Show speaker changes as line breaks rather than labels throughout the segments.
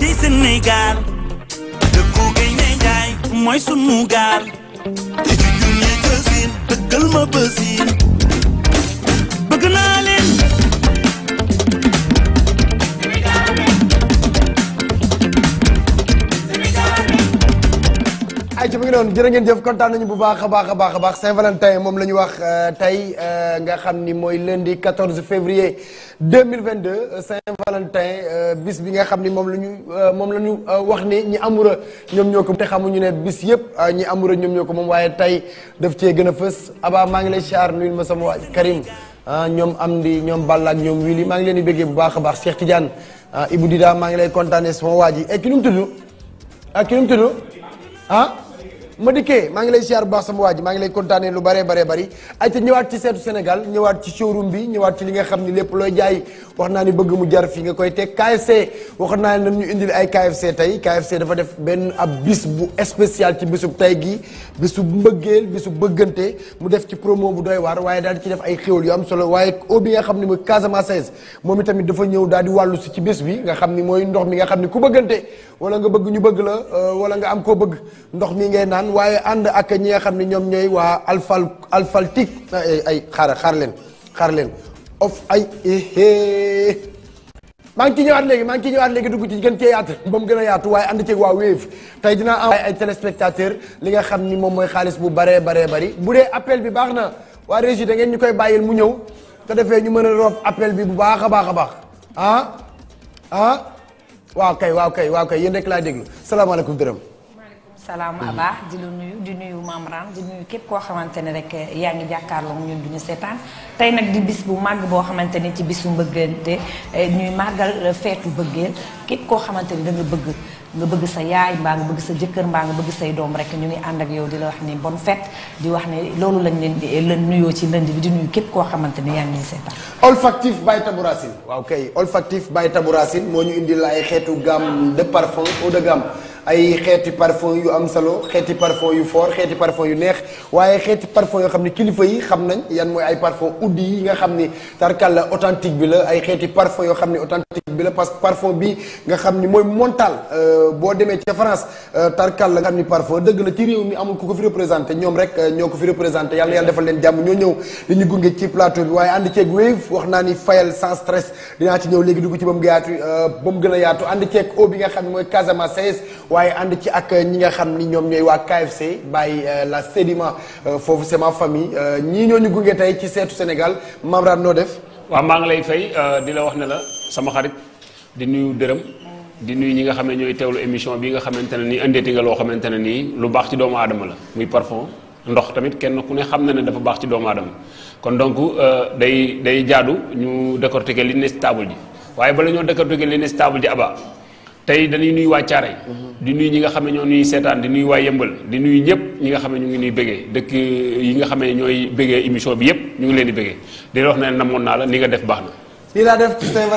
ci Sénégal dëkku gay ne njaay mooy sunu gaal li fi
junne gësin dëggal ma
ay ci mi ngi doon jërë ngeen jëf kontaan nañu bu baax a baax a baax a baax Saint-Valentin euh, tey euh, nga xam ni mooy lundi 14 février 2022 Saint-Valentin euh, bis bi nga xam ni moom la ñu moom la ñu wax ni ñi amoureux ñoom ñoo te xamuñu ne bis yëpp ñi amoureux ñoom ñoo ko moom waaye tey daf cee gën a fës Aba maa ngi lay siyaar nuyul ma sama waaj Karim ah, ñoom am di ñoom Balla ak maa ngi leen di béggee bu baax a baax Cheikh Tidiane ah, Ibou Dida maa ngi lay kontaanee sama waaj yi et eh, ki nu mu tudd ak ah, ki ah. ma dikkee maa ngi lay siyaar bu baax sama waa maa ngi lay kontaanee lu bare bare bari ay te ñëwaat ci seetu Sénégal ñëwaat ci showroom bi ñëwaat ci li nga xam ni lépp looy jaay wax naa ni bëgg mu jar fii nga koy teg KFC waxoon naa ne ñu indil ay KFC tey KFC dafa def benn ab bis bu spécial ci bisub tey gi bisu mbëggeel bisu bëggante mu def ci promo bu dooy waar waaye daal di ci def ay xéwal yu am solo waaye au bi nga xam ni mooy Casamance 16 moom itamit dafa ñëw daal di si ci bés bi nga xam ni mooy ndox mi nga xam ni ku bëggante wala nga bëgg ñu bëgg la euh, wala nga am koo bëgg ndox mi ngay waaye ànd ak ñi nga xam ne ñoom ñooy waa alfal alfaltik ay xar xaar leen xaar leen of ay eh, eh. maa ngi ci ñëwaat léegi maa ngi ci ñëwaat léegi dugg ci gën cee yaatu ba mu gën a yaatu waaye ànd ceeg waa Wave tey dina am ay téléspectateur li nga xam ni moom mooy xaalis bu baree bare bari bu dee appel bi baax na waa régie da ngeen ñu koy bàyyil mu ñëw te defee ñu mën a roof appel bi bu baax a baax baax ah ah waaw kay waaw kay waaw kay yéen rek laa déglu salaamaaleykum dërëm
salaam mm. abaa di la nuyu di nuyu Mamran di nuyu képp koo xamante ne rek yaa ngi jàkkaarloo ñun du ñu seetaan tey nag di bis bu màgg boo xamante ne ci bisu mbëggante eh, ñuy màggal eh, feetu bëggeel képp koo xamante ne da bëgg nga bëgg sa yaay mbaa nga bëgg sa jëkkër mbaa nga bëgg say doom rek ñu ngi ànd ak yow di la wax ni bonne fête di wax ne loolu lañ leen di nuyoo ci lënd bi di nuyu képp koo xamante ne yaa ngi ñuy seetaan. olfactif
Baye Tabouracine waaw kay olfactif Baye Tabouracine moo ñu indil ay xeetu gamme de parfum eau de ay xeeti parfum yu am solo xeeti parfum yu fort xeeti parfum yu neex waaye xeeti parfum yoo xam ne kilifa yi xam nañ yan mooy ay parfum uddi yi nga xam ni tarkal la authentique bi la ay xeeti parfum yoo xam ne authentique bi la parce que parfum bi nga xam ni mooy montal euh, boo demee ca France euh, tarkal la nga xam ni parfum dëgg na ci réew mi amul ku ko fi représenté ñoom rek euh, ñoo ko fi représenté yàlla yàlla defal leen jàmm ñoo ñëw li ñu gunge ci plateau bi waaye ànd ceeg wave wax ni fayal sans stress dinaa ci ñëw léegi dugg ci ba mu yaatu ba mu gën a yaatu ànd ceeg o bi nga xam ne mooy Casamance waaye ànd ci ak ñi nga xam ni ñoom ñooy waa KFC bàyyi euh, la Sédima euh, foofu c'est ma famille euh, ñii ñoo ñu gunge tey ci seetu Sénégal Mamran noo def.
waa maa ngi lay fay di la wax ne la sama xarit di nuyu dërëm. di nuyu ñi nga xam ne ñooy teewlu émission bi nga xamante ne nii indeeti nga loo xamante ne nii lu baax ci doomu aadama la muy parfum ndox tamit kenn ku ne xam na ne dafa baax ci doomu aadama kon donc day day jaadu ñu décortiquer li ne ci ji waaye bala ñoo décortiquer li ne ji aba tey dañuy nuyu waa Caaray di nuy ñi nga xam ne ñoo nuy seetaan di nuyu waa Yëmbal di nuyu ñëpp ñi nga xam ne ñu ngi nuy bëggee dëkk yi nga xam ne ñooy bëggee émission bi yëpp ñu ngi leen di bëggee di wax ne namoon naa la ni nga def baax na
lii laa def ci saint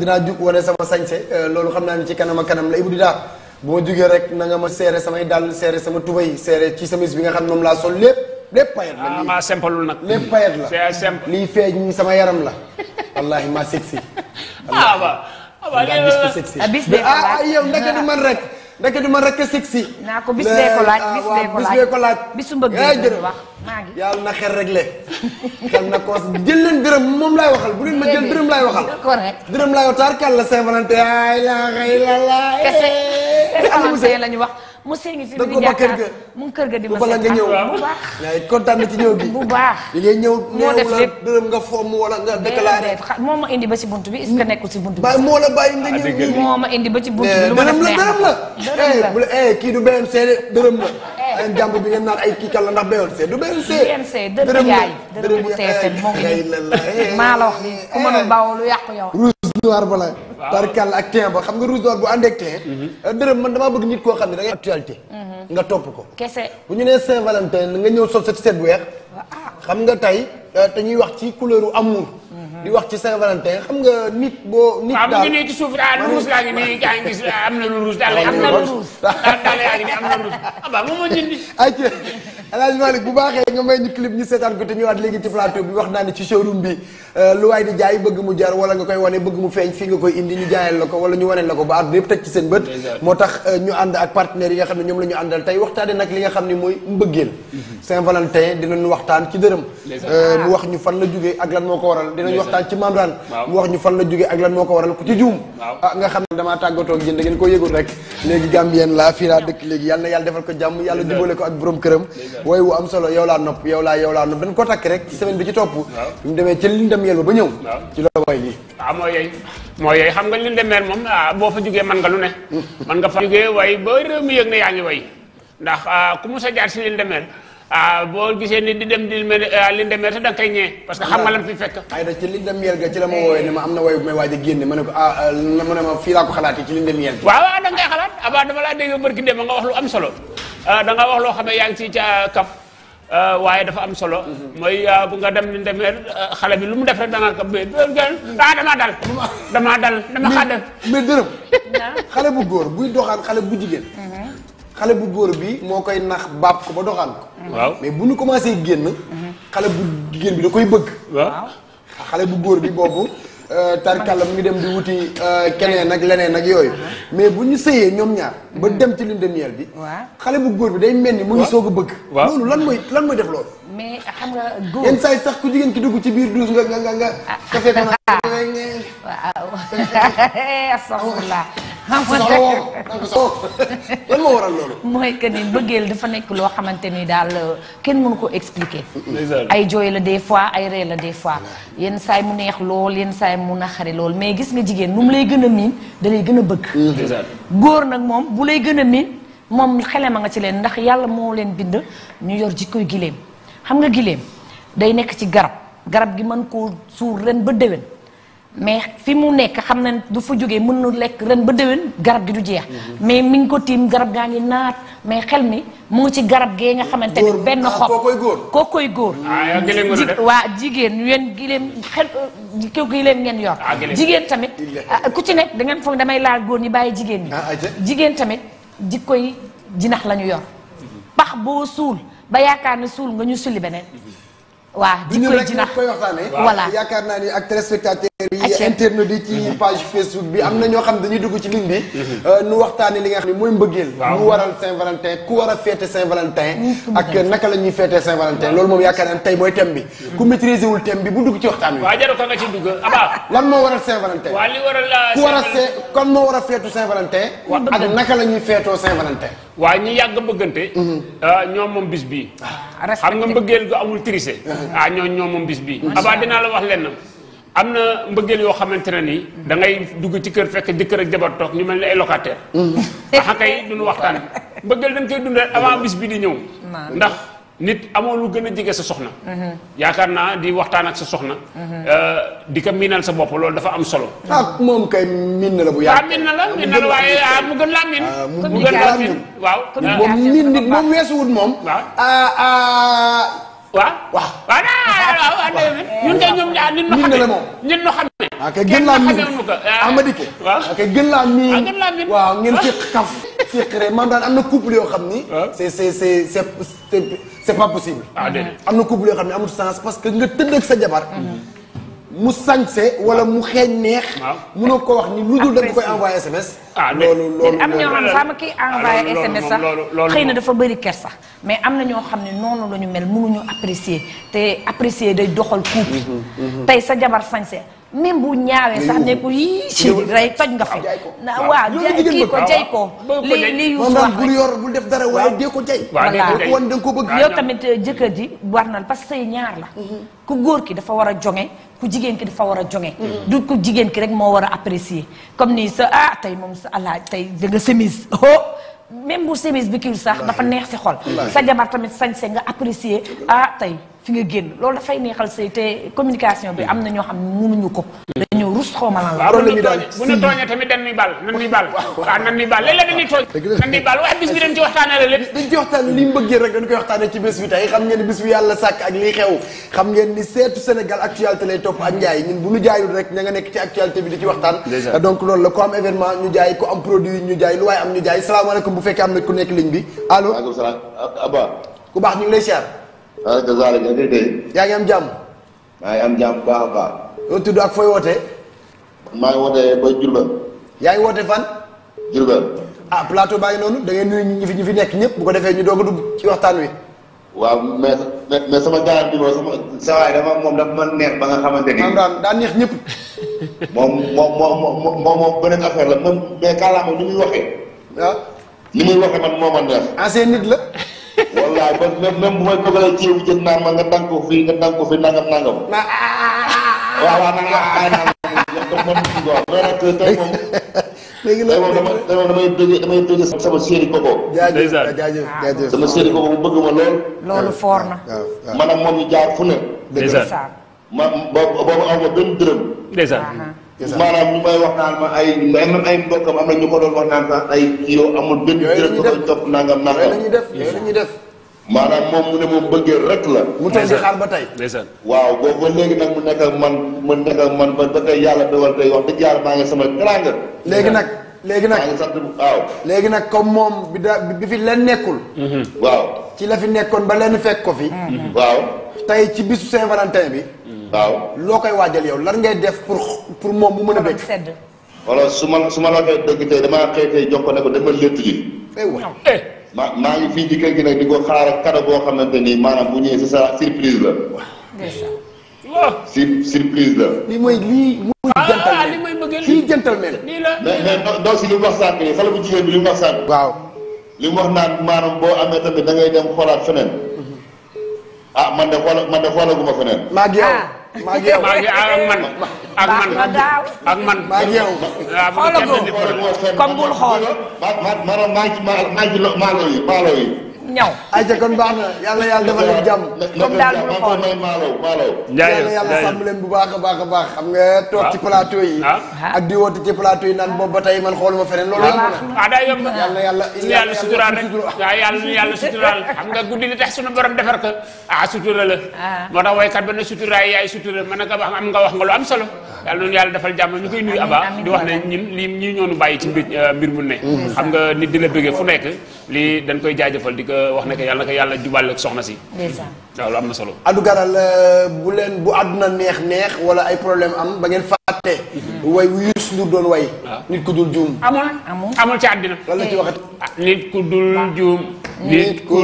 dinaa jug wane sama sañse euh, loolu xam naa ni ci kanam a kanam la Ibou Dida bu ma jugee rek na nga ma seere samay dàll seere sama tubay seere ci semis bi nga xam ne moom laa sol lépp lépp payet la ah maa simpalul nag lépp payet la c'est simple lii feeñ sama yaram la wallahi maa sexy ah Ah, euh, ah bis ah, yow ndeke du man rek. ndeke du man rek a sexy.
naa ko bis bee ko laaj ah, bis bee ko laaj bis bee ko
laaj. bisu mbëgg wax maa ngi. yàlla na ko jël leen dërëm moom laay waxal bu leen ma jël dërëm laay waxal. correct dërëm laay waxtaan kàlla Saint-Valentin ay la ay la la. kese kese
wax. mu sëñ fi mu ngi jàkkaar mu ngi kër ga di ma bala nga ñëw
kontaan na ci ñëw gi bu baax li ngay ñëw moo def lépp dërëm nga fomm wala nga déclaré
moo ma indi ba ci buntu bi est-ce que nekkul ci buntu bi moo ah, moo ma indi ba ci buntu bi eh, lu ma def neex dërëm la
dërëm eh, eh, du BMC dërëm la en jàmb bi ngeen naan ay kii kala ndax BMC du BMC BMC dërëm yaay dërëm bu TFM moo ngi maa la wax li ku mënul bawoo lu yàqu yow d'or ba la tarkal ak teen ba xam nga rouge d'or bu ànd ak teen mhm. euh, dërëm bëgg nit koo xam ne da actualité mhm. nga topp ko kese bu ñu nee Saint Valentin nga ñëw sol sa ci seet bu weex xam nga tey te euh, ñuy wax ci couleur u di wax ci Saint-Valentin xam nga nit boo. nit daal waaw mu ngi nii ci suuf daal ruus laa ngi nii yaa ngi gis am na lu ruus daal am na lu ruus
daal yaa ngi nii am na ruus ah ba moom moo
jëndi. ayca El Hadj Malick bu baaxee nga may ñu clip ñu seetaan ko te ñëwaat léegi ci plateau bi wax naa ne ci showroom bi euh, lu waay di jaay bëgg mu jar wala nga koy wane bëgg mu feeñ fii nga koy indi ñu jaayal la ko wala ñu waneel la ko ba àdduna yëpp teg ci seen bët. moo tax euh, ñu ànd ak partenaires yi nga xam ne ñoom la ñu àndal tey waxtaane nag li nga xam ne mooy mbëggeel mhm. Saint-Valentin dinañu waxtaan ci dërëm euh, mu wax ñu fan la jógee ak lan moo ko waral dinañu wax waxtaan ci Mame Rane mu wax ñu fan la jógee ak lan moo ko waral ku ci juum ah nga xam ne damaa tàggatoo ak yéen da ngeen koo yëgul rek léegi gàm yéen laa fii dëkk léegi yàlla na yàlla defal ko jàmm yàlla jubale ko ak borom këram wooy am solo yow laa nopp yow laa yow laa nopp dañ ko takk rek ci semaine bi ci topp ñu demee ci liñ dem yel ba ñëw ci la ah, mooy lii
waaw mooy yooyu mooy yooyu xam nga liñ demeel moom ah, boo fa jógee man nga lu ne man mm. nga fa jógee way ba réew mi yëg ne yaa ngi ah, ku mu sa jaar si liñ demeel ah boo gisee ni di dem di mel ah, li demee te da nga parce que xam nga lan fi fekk ay da ci li dem
na way bu ah, ah, waaw waaw
da xalaat avant dama laa dégg bërki dem nga wax lu am solo da wax loo xam yaa ngi ci ca kaf waaye dafa am solo mhm. mooy bu nga dem ni demee xale bi lu mu def rek danaan ko mais ah damaa dal damaa dal dama xadde mais dërëm
xale bu góor buy doxaan xale bu jigéen mhm. xale bu góor bi moo koy nax baab ko ba doxaan ko. waaw mais bu ñu commencé génn. xale bu jigéen bi da koy bëgg. waaw xale bu góor bi boobu. Euh, tarkalla mu ngi dem di wuti euh, keneen ak leneen ak yooyu uh-huh. mais bu ñu sëyee ñoom ñaar ba hmm. dem ci lune de miel bi xale bu góor bi day mel ni mu ngi soog a bëgg loolu lan mooy lan mooy def loolu
mais xam nga góor yenn sax
ku jigéen ki dugg ci biir duus nga nga nga nga ah. kase ko
waaw astaghfirullah xam lan moo waral loolu mooy que ni bëggeel dafa nekk loo xamante ni daal euh, kenn mënu ko expliquer ay jooy la des fois ay ree la des fois yenn saay mu neex lool yenn saay mu naxari loolu mais gis nga jigéen nu mu lay gën a miin da gën a bëgg. Mm-hmm. góor nag moom bu lay gën a miin moom xelema nga ci leen ndax yàlla moo leen bind ñu yor jikkoy gileem xam nga gileem day nekk ci garab garab gi mën koo suur ren ba déwén. mais fi mu nekk xam na du fa jógee mën na lekk ren ba déwén garab gi du jeex. mais mi ngi ko tiim garab gaa ngi naat mais xel mi mu ngi ci garab gee nga xamante ne benn ah, xob kookoy
góor kookoy góor. Ah,
waa jigéen yéen gileem xel kii leen ngeen yor. Ah, jigéen tamit ku ci nekk dangeen ngeen foog damay laal góor ñi bàyyi jigéen ñi. jigéen tamit jikko yi jinax la ñu yor. pax boo suul ba yaakaar ne suul nga ñu sulli beneen. Mhm. waa jikko yi jinax du ñu rek
yaakaar naa ni ak téléspectateur internet yi ci mhm. page Facebook bi am na ñoo xam dañuy dugg ci ligne bi mhm. euh, nu waxtaane li nga xam ne mooy mbëggeel lu waral Saint-Valentin ku war a Saint-Valentin ak naka la ñuy féete Saint-Valentin loolu moom yaakaar naa tey mooy thème bi mhm. ku maîtriser wul thème bi bu dugg ci waxtaan wi waaw
jarul nga ci dugg
aba ah, lan moo waral Saint-Valentin waaw li waral ku war a see kon moo war a Saint-Valentin ak naka la ñuy
féetoo Saint-Valentin waaw ñi yàgg bëggante ah, ñoom moom bis bii ah, xam nga mbëggeel gu amul triché ah ñoo ñoom moom bis bii abaa dinaa la wax lenn am na mbëggeel yoo xamante ne nii. da ngay dugg ci kër fekk jëkkër ak jabar toog ñu mel ni ay locataire. Mm-hmm. axa kay duñu waxtaan mbëggeel dañ koy dundal avant di ñëw.
Mm-hmm. ndax
nit amoo lu gën a jege sa soxna. Mm-hmm. yaakaar naa di waxtaan ak sa soxna. Euh, di ko miinal sa bopp loolu dafa am solo. ah moom kay miin na la bu yàgg. miin na la waaye ah, mu gën laa miin. Ah, mu gën laa miin waaw. moom miin nit moom weesuwut moom. waaw. Ah, waaw waaw waaw waaw ñun kay ñoom ñaar ñun ñu xamee ñun ñu
xamee. Ah, ah. waaw kay gën laa miin
Amady ah, waaw kay gën laa miin waaw ngeen fiq
kaf. fiq rek man daal am na couple yoo xam ni. c'est c'est c'est c'est pas possible. am na couple yoo xam ne amul sens parce que nga tëdd sa jabar. Mm-hmm. mu sañse wala mu xeeñ neex. waaw munoo ko wax ni lu dul da nga koy envoyé SMS. Ah, ah loolu loolu am ñoo xam sama
kii envoyé SMS sax xëy na dafa bëri sax mais am na ñoo xam ne noonu la ñu mel mënuñu apprécier te apprécier day doxal couple. Mhm, mhm. tey sa jabar sañse même bu ñaawee sax ne ko yii ci rey toj nga fi. waaw kii ko jay ko. li li yu wax yor
bul def dara waaye dee ko jay. waaw dee ko da nga ko
tamit euh, jëkkër ji war na parce que say ñaar la. Mm-hmm. ku góor ki dafa war a jonge ku jigéen ki dafa war a jonge mm-hmm. du ku jigéen ki rek moo war a apprécier comme ni sa a ah, tey moom sa allah tey da nga semise oh! même bu chemise bi kii sax dafa neex si xol sa jabar tamit sañ sañse nga apprécier ah tey fi nga génn loolu dafay neexal say te communication bi am na ñoo xam ne mënuñu ko ñëw rus xaw ma lan la. loolu la bu ñu
tooñee tamit dañ ñuy baal nan ñuy baal. waaw nan ñuy baal léeg-léeg dañuy tooñ. nan ñuy baal waaye bis bi dañ ci waxtaanee la lépp. dañ ci waxtaan li mu bëggee rek dañ koy waxtaanee ci bés bi tey xam
ngeen ni bi yàlla sàkk ak liy xew xam ngeen ni seetu Sénégal actualité lay topp ak njaay ñun bu ñu jaayul rek ña nekk ci actualité bi di ci waxtaan. donc loolu la ku am événement ñu jaay ku am produit ñu jaay lu waaye am ñu jaay salaamaaleykum bu fekkee am na ku nekk ligne bi allo. maaleykum salaam maa ngi wootee ba Diourbel. yaa ngi woote fan. Diourbel. ah plateau baa ngi noonu da ngeen nuyu ñi fi ñi fi nekk ñëpp bu ko defee ñu doog a dugg ci waxtaan wi. waaw mais mais sama gàllankoor bi moom sama. sa waay moom dafa ma neex ba nga xamante ni. maanaam daa neex ñëpp. moom moom moom moom moom beneen affaire la même mais kàllaama ni waaw ah. ni muy waxee man moo ma neex. ancien nit la. wallaay ba même bu may
bëggalee ceebu jën naan ma nga dànk ko fii nangam nangam ndox moom si waaw mais nag tey moom. léegi nag moom damay damay bëgg damay bëgg sama séeri koko. jaajëf jaajëf jaajëf sama séeri koko ma lool. loolu na. maanaam moom ñu jaar fu ne. ndeysaan ma boobu boobu aw ma benn dërëm. maanaam ñu may wax naan ma ay même ay mbokkam am na ñu ko doon wax naan sax ay kii amul benn dërëm. yooyu la ñuy def nangam nangam. yooyu def maanaam moom mu ne moom bëggee rek la. mu toog di xaar ba tey. waaw boobu ba léegi nag mu nekk ak man mu nekk ak man ba tey yàlla dogal tey wax dëgg yàlla maa ngi sama teraanga. léegi nag
léegi nag maa ngi sant waaw. léegi nag comme moom bi da bi fi leen nekkul. Mhm. waaw. ci la fi nekkoon ba leen fekk ko fi. Mhm. waaw. tey ci bisu Saint-Valentin bi. Mhm. waaw loo koy waajal yow lan ngay def pour pour moom mu mën a bëgg.
wala su ma su ma la koy dëgg tey damaa xëy tey jox ko ne ko dama létt ji. Eh ma maa ngi fii ci kër gi nag di ko xaar ak cadeau boo xamante ni maanaam bu ñëwee c'est ça surprise la. sur surprise la.
li mooy lii muy ah, gentleman mooy bëgg lii
gentleman mais mais doo si li mu wax sànq nii xale bu jigéen bi li mu wax sànq. waaw li mu wax naan maanaam boo amee tamit da ngay dem xoolaat feneen. Mhm. ah man de xoola man de xoolaguma feneen. maa ngi maa ngi yow ak man ak man ak man maa ngi yow. xoolagoo comme bul xool.
maa maa maa maa maa maa ñaw ayca kon baax na yàlla yàlla dafa leen jàmm comme daal bu xool bu baax a baax baax xam nga toog ci ah. plateau yi ah. Ah. ak di woote ci plateau yi naan boobu ba tey man xooluma feneen loolu ah daa yomb
yàlla yàlla yàlla suturaal rek waaw yàlla yàlla suturaal xam nga guddi li tax suñu borom defar ko ah sutura la moo tax waykat ba ne sutura yaay sutura mën nga wax wax nga lu am solo yàlla noonu yàlla defal jàmm ñu koy nuyu Aba di wax ne ñun lii ñii ñoonu bàyyi ci mbir euh, mbir mu ne mm-hmm. xam nga nit di la bëggee fu nekk lii dañ koy jaajëfal di ko wax ne que yàlla ko yàlla jubal ak soxna si waaw lu am na solo
addu garal bu leen bu àdduna neex neex wala ay problème am ba ngeen fàtte
mm-hmm. way Youssou Ndour doon way ah. nit ku dul juum
amul
amul ci ci waxat ah, nit ku dul ku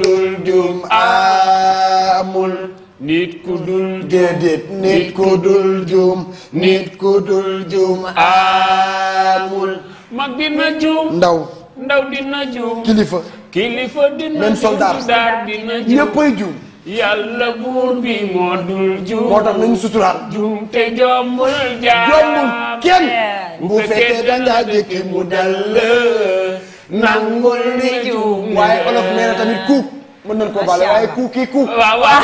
dul juum amul nit ku dul déedéet nit
ku dul juum nit
mag dina juum ndaw kilifa kilifa dina même soldat dina yàlla buur bi moo dul juum moo tax nañu suturaal juum te jombul jombul
kenn bu fekkee
dangaa jékki mu dal nangul li juum waaye olof nee tamit ku
mën nañ ko bàlle waaye ku kii ku waaw waaw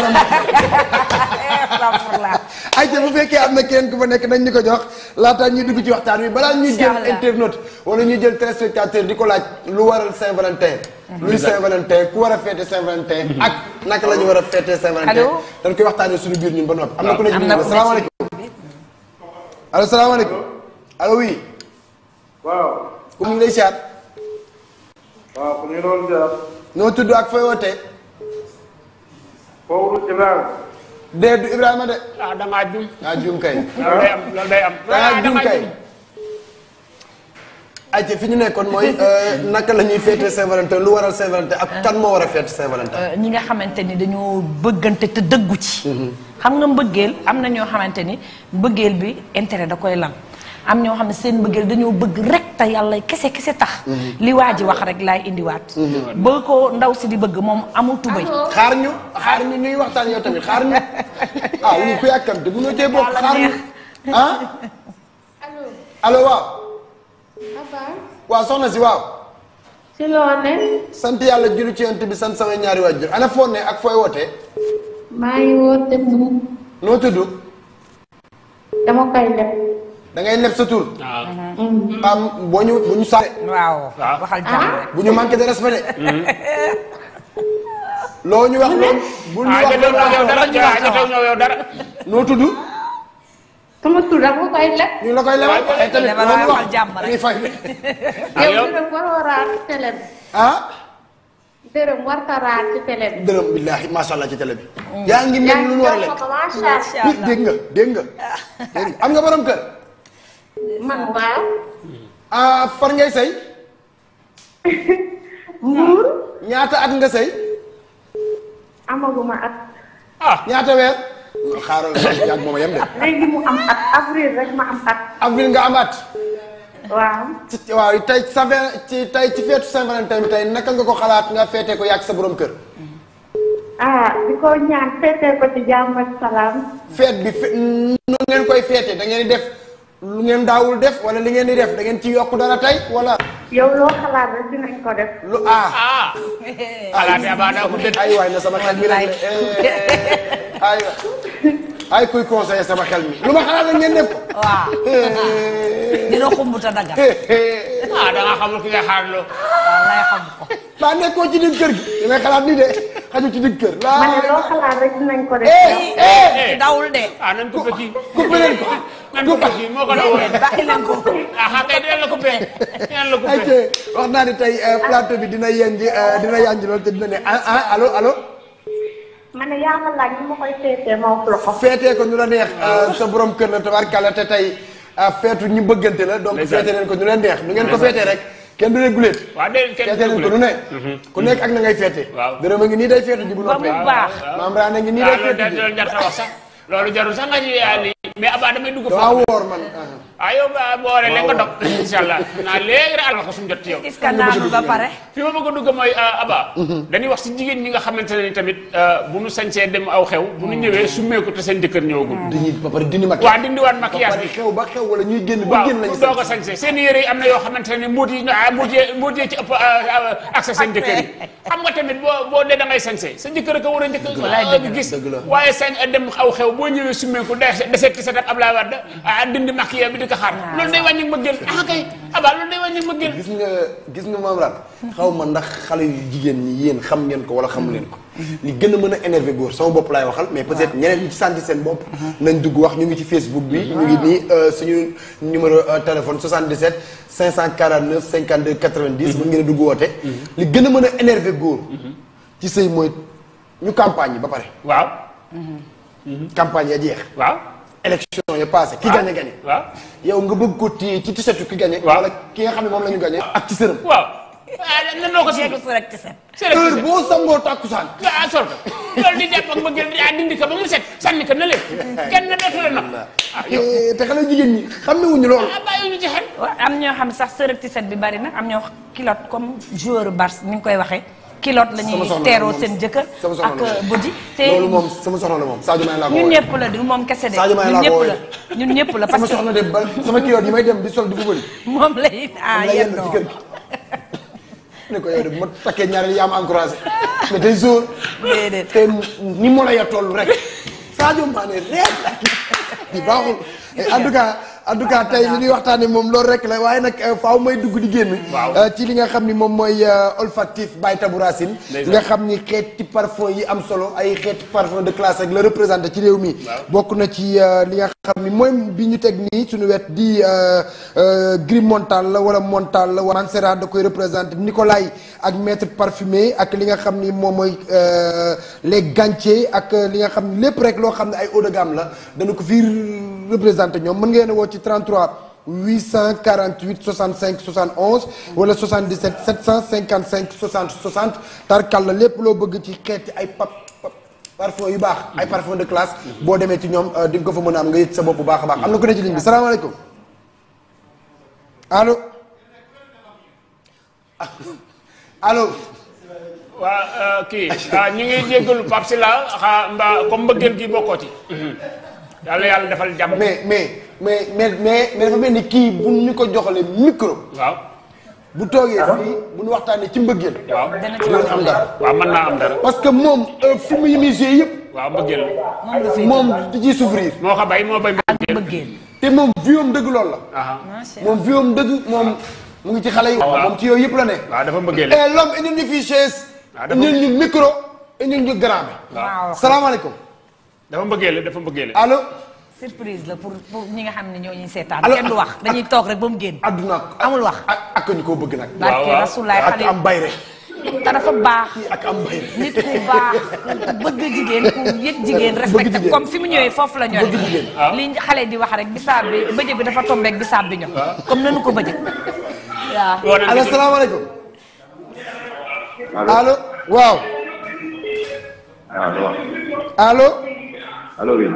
ay ca eh, bu fekkee am na keneen ku nekk nañ ñu ko jox laata ñuy dugg ci waxtaan wi balaa ñuy jël internaute wala ñuy jël téléspectateur di ko laaj lu waral Saint-Valentin mhm. luy Saint-Valentin ku war a feete Saint-Valentin mhm. ak naka la ñu war a feete Saint-Valentin dañ koy wi suñu biir ñun ba noppi am na ku ne ñu salaamaaleykum allo salaamaaleykum allo oui waaw ku ñu lay siyaat waaw ku ñu loolu siyaat noo tudd ak fooy wootee. Fowru Ibrahima. dee du Ibrahima de. ah jum. kay. loolu am loolu ah, fi ñu nekkoon mooy euh, naka lañuy ñuy féete Saint-Valentin lu waral Saint-Valentin ak kan moo war a féete Saint-Valentin.
Euh, ñi nga xamante ni dañoo bëggante te dëggu ci. Mhm. xam nga mbëggeel am na ñoo xamante ni mbëggeel bi intérêt da koy lan. am ñoo xam ne seen mbëggeel dañoo bëgg rek te yàlla kese kese tax. Mhm. li waa ji wax rek laay indiwaat. Mhm. ba ko ndaw si di bëgg moom amul tubay. xaar ñu xaar ñu waxtaan yow tamit xaar ñu
soxna si sant yàlla julli ci yonent bi sant ana foo ak fooy wootee.
maa woote Mbour. noo tudd. dama koy leb.
dangay ngay leb tur. Ah. boo ñu bu ñu saa. waaw waxal jàmm ah? bu ñu manqué de respect. Mm-hmm. loo ñu wax loolu. Ah, bu ñu wax loolu waaw yow dara. noo tudd. da nga koy leb.
ñu la koy lebal waaye eh, tamit loolu wax dañuy fay. ci télé bi. ah. dërëm war ta raar ci télé bi. dërëm
billaahi macha allah ci télé bi.
ngi mel lu war a lekk. macha
allah dégg am nga borom kër. man waaw. ah far ngay sëy. Mbuur. Ah. ñaata at nga sëy.
amaguma at. Ah. ñaata weer.
xaaral yàgg moom am
at avril ma am at. avril nga am at. waaw. ci
waaw tey sa ci tey ci feetu Saint-Valentin bi tey naka nga ko xalaat nga feete ko yàgg sa borom kër.
ah di ko ñaan feete ko ci jàmm salaam.
feet bi fe noonu ngeen koy feete da di def. lu ngeen daawul def wala li ngeen di def da ngeen ci yokk dara tey wala yow loo xalaat rek dinañ ko def. lu ah ah. xalaat yaa baax naa ko dëgg. ay waay na sama xel mi rek ay eh, ay kuy conseiller sama xel mi. lu ma xalaat rek ngeen def ko. waaw. Eh. dina da eh, ah, ko. ci digg kër laa man loo xalaat rek dinañ ko def.
dawul de. ah nañ ko petit. coupé leen ko. nañ ko petit moo ko dawul. bàyyi leen ko. ah xam nga dinañ la coupé. dinañ la coupé.
ayte wax naa ni tey euh, plateau bi dina yenji euh, dina yanji loolu te dina ne ah, ah allo allo.
ma ne yaa ma laaj ma koy féetee ma wax la ko.
féetee ko la neex euh, sa borom kër la tabarkalla te tey feetu ñu bëggante la. donc féete leen ko ñu leen neex. nu ngeen ko féetee rek. kenn du ne guleet. waaw déedéet du ne ko nu ne. ku nekk ak na ngay féete. waaw dërëm a ngi nii day féete ji bu noppee. ba mu baax maam raa na ngi nii day féete
ji. loolu jarul sax nga ñu mais abaa damay dugg. waaw woor man. ah yow ba a dugg mooy euh, Abba. Mhm. dañuy wax jigéen ñi nga xamante ne ni tamit euh, bu nu sañsee dem aw xew. bu mhm. summeeku seen jëkkër ñëwagul. dañuy ba pare dindi maquillage waaw dindiwaat maquillage bi xew ba xew wala ñuy génn ba génn seen yére yi am na yoo xamante ne mbuut yi ah mbuut yee euh, seen jëkkër yi. xam nga tamit boo boo dee da ngay sa jëkkër ko war a njëkk ah, gis waaye sañ dem aw xew boo ñëwee summeeku deset ti sa ab Ablaye Wade ah, dindi maquillage bi di ko xaar ah, ah, ah, loolu day wàññi mbëggeel ah gis nga gis nga maam ran
xaw ma ndax xale yu jigéen ñi yéen xam ngeen ko wala xamu leen ko mm-hmm. li gën a mën a énervé góor sama bopp laay waxal mais peut-être ñeneen ñi ci sentir seen bopp mm-hmm. nañ dugg wax ñu ngi ci Facebook bi mm-hmm. ñu ngi nii euh, suñu numéro euh, téléphone 77 549 52 90 mën ngeen a dugg woote li gën a mën a énervé góor ci sëy mooy ñu campagne ba pare waaw campagne ya jeex waaw yi passé ki ah. gagné gagné waaw yow nga bëgg ko téye ci tisetu ki gagné wala ki nga xam ne moom la ñu gagné ak ci sërëm
waaw nan ah, noo ko si ak tiset heure boo
sangoo tàkkusaan
a ah, sol ko loolu di jàpp a dindi ko ba mu set sànni ko na leen kenn na dootu la nag eh, te xale jigéen ñi xam ne wuñu loolu bàyyi ñu ci xel am ñoo xam sax sër ak tiset bi bari na am ñoo kilote comme joueur bars ni nga koy waxee kilote la ñuy teeroo seen jëkkër ak euh, bëdi te loolu moom sama soxna la moom Sadio Mané laa ko ñun ñëpp la du moom kese de Sadio Mané ko
ñun ñëpp la ñun la parce que sama soxna de ba sama kilote yi may dem di sol di fu
moom lay ah
yéen ne ko yow de ma takkee ñaareel yaa ma encouragé mais tey jour déedéet te ni mo la ya toll rek Sadio Mané rek di baaxul Eh, en tout cas en tey li ñuy waxtaanee moom loolu rek la waaye nag euh, faaw may dugg di génn. Euh, ci li nga xam ni moom mooy euh, olfactif Baye Tabou Racine. nga xam ni xeeti parfum yi am solo ay xeeti parfum de classe ak la représenté ci réew mi. bokk na ci li nga xam ni mooy bi ñu teg nii suñu wet di gris montale la wala montal la wala Mancera da koy représenté Nicolay ak maître parfumé ak li nga xam ni moom mooy les gantiers ak li nga xam ni lépp rek loo xam ne ay haut de la représenté ñoom mën ngeen a woo ci 33 848 65 71. wala 77 755 60 60 la lépp loo bëgg ci xeeti ay pap parfum yu baax ay parfum de classe boo demee ci ñoom euh, di nga ko fa mën am nga yëg sa bopp bu baax a baax am na ko ne ci ligne bi salaamaaleykum
allo allo. waa euh, kii ñu ngi jégalu Pape Sylla xa mbaa comme mbëggeel gi bokkoo ci. Mm-hmm. yàlla yàlla defal jàmm. mais
mais mais mais mais dafa mel ni kii bu ñu ko joxalee micro. waaw. bu toogee ah. fii bu ñu waxtaanee ci mbëggeel. waaw dina am dara. waaw mën naa am dara. parce que moom euh, film yi muy joué yëpp.
waaw mbëggeel la. moom
di ci souffrir.
moo xa bay moo bay mbëggeel.
te moom vieux am dëgg loolu la. moom vieux am dëgg moom mu ngi ci xale yi. moom ci yooyu yëpp la ne. waaw dafa mbëggeel et l'homme indil ñu fii chaise. indil ñu micro indil ñu grand bi. waaw salaamaaleykum. dafa mbëggeele dafa mbëggeele allo.
surprise la pour pour ñi nga xam ne ñoo ñuy seetaan. kenn du wax
dañuy toog rek ba mu génn. adduna amul wax ak ñu ko bëgg nag. waaw waaw ak am bayre
te dafa baax. ak am bayre nit ku baax ku bëgg jigéen ku yëg jigéen. respecté comme fi mu ñëwee foofu la ñor. bëgg jigéen ah. li xale di wax rek bisaab bi bëjë bi dafa tombé ak bisaab bi ñor. Ah. comme nanu ko bëjë.
waaw allo salaamaaleykum. allo waaw. Ah, allo. allo oui.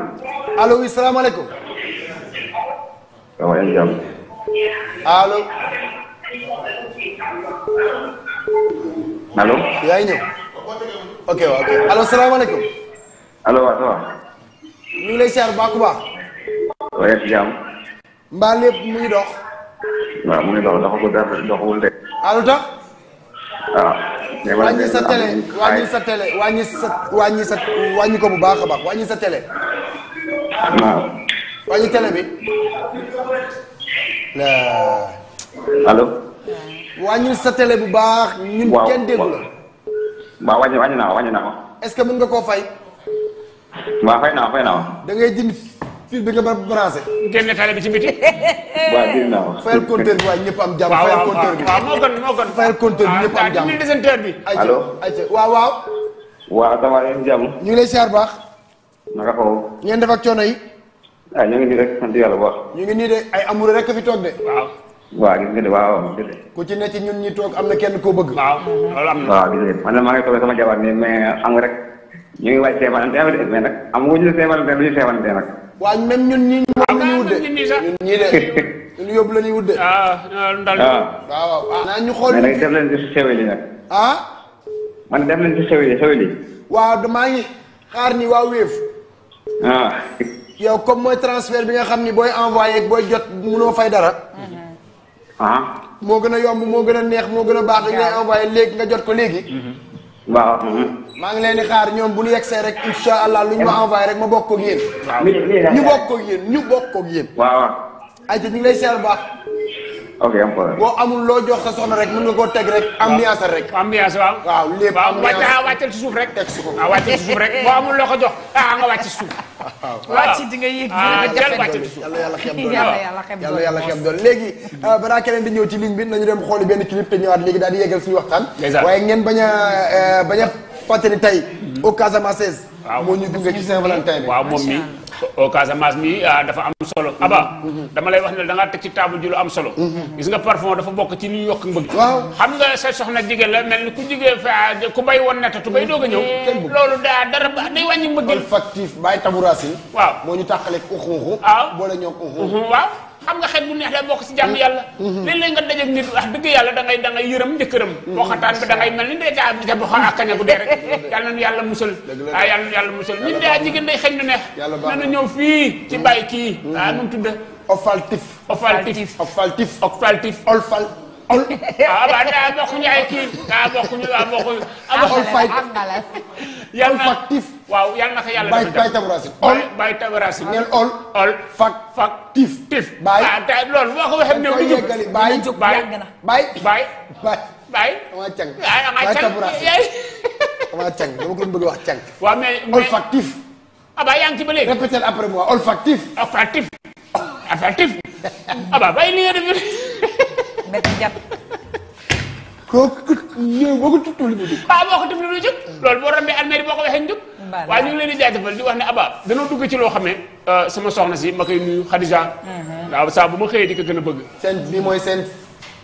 allo oui salaamaaleykum. waaw yaa ngi jàmm. allo. allo. yaa ngi ñëw. ok waaw ok allo salaamaaleykum. allo waaw ça va. ñu ngi lay siyaar baax ku baax. waaw yaa ngi jàmm. mbaa lépp mu ngi dox.
waaw mu ngi dox doxagul dara doxagul de. allo tax. waaw. wàññi sa télé wàññi
sa télé wàññi sa wàññi sa wàññi ko bu baax a baax wàññi sa télé. waaw. wàññi télé bi. allo. wàññi sa télé bu baax. ñun kenn déggu la.
waaw wàññi wàññi naa ko wàññi naa ko.
est-ce que mën nga koo fay.
waaw fay naa fay naa
da ngay jënd. fil bi nga ba branché. génne bi ci biti. waaw dinañ waaw. fayal compteur bi waaye ñëpp am jàmm. waaw waaw waaw moo gën moo gën. fayal compteur bi ñëpp am ah, jàmm ah désenteur bi. ñu ngi lay siyaar baax. a foofu. ngeen def ak coono yi. ah
ñu ngi nii ñu
ngi nii de ay amoureux rek fi toog de. waaw.
waaw gis
ku ci ne ci ñun ñi toog am na kenn koo bëgg. waaw loolu am na. waaw
maa ngi toog sama jabar nii mais xam nga ñu ngi waaj Saint-Valentin mais nag ñu saint
waaw même ñun ñii ñoom la ñuy wudde ñun ñii
de
ñun yóbbu la ñuy wudde. ah ndal ah. waaw waaw ah, naa ñu xool. mais nag def
leen ci xeweli nag. ah. man def leen ci xeweli xeweli.
waaw damaa ngi xaar ni waa Wave. ah. yow comme mooy transfert bi nga xam ni booy envoyé ak booy jot munoo fay dara. ah. moo gën a yomb moo gën a neex moo gën a baax dañ lay envoyé léegi nga jot ko léegi.
waaw. Mhm.
maa ngi leen di xaar ñoom bu ñu yegsee rek incha allah lu ñu ma envoyé rek ma bokk ak yéen. ñu bokk ak yéen ñu bokk ñu lay seer ba baax. boo amul loo jox sa soxna rek mën nga koo teg rek. ambiance rek ambiance waaw. waaw lépp ambiance waaw ah, wàccal ci suuf rek. teg
su ah, rek boo amul ko jox ah nga wàcc ci suuf.
waaw wàcc di
nga yéeg. ah jël wàcc ci suuf yàlla yàlla xem doon yàlla yàlla xem doon
léegi. Ah, keneen di ñëw ci ligne bi nañu dem xooli benn clip te ñëwaat léegi daal di yeggal suñu waxtaan. waaye ngeen bañ a eh, bañ a fàttali tey.
au Casamance 16. waaw moo ñu gunge ci Saint-Valentin bi. waaw moom mi au Casamance mi ah, dafa am solo. Mm-hmm. Aba mm-hmm. dama lay wax ne da ngaa teg ci table ji lu am solo. Mm-hmm. gis nga parfum dafa bokk ci li yokk mbëgg. waaw xam nga sa soxna jigéen la mel ku jigéen fa ku bay woon netta tu bay doog a ñëw. loolu daa dara ba day wàññi mbëgg. olfactif
bàyyi taburaas yi. waaw moo ñu tàqaleeg uxuuxu. Ah. waaw boole ñoom uxuuxu waaw.
xam nga xet bu neex daa bokk si jàmm yàlla mm-hmm. léeg-léeg nga dajeg nit wax dëgg yàlla da ngay da ngay yërëm njëkkëram boxataan mm-hmm. bi da ngay mel ni dayta dita boxa akkaña bu dee rek yàlla nañu yàlla musal ah yàlla nañu yàlla musal ñun daa jigéen day xeñ lu neex nanu ñëw fii ci mm-hmm. bàyyi kii ah nu mu tudda ofaltif ofaltif ah waaw a bokkuñu ay kii a bokkuñu daa ah, bokkuñu. Ah, a na a yal a olfactif. a yal a ko yàlla defal a tabaraasin. ol bay tabaraasin. neel ol. ol fak fak tif. tif bay ah tey loolu boo ko waxee néew. du jóg bay bay
bay bay bay. damaa càng bay tabaraasin damaa càng dama ko doon bëgg wax càng. waaw mais mais olfactif. ah
ba bay ah, li nga bett jàpp. boo
ko tubtubli mu jóg.
ah boo ko tubtubli mu jóg. boo rambee almeri boo ko waxee njëkk. waaye ñu ngi leen di jaajëfal di wax ne Aba danoo dugg ci loo xam ne euh, sama soxna si ma koy nuyu Khadija. Mhm. waaw saa bu ma xëyee di ko gën a bëgg. seen bi mooy seen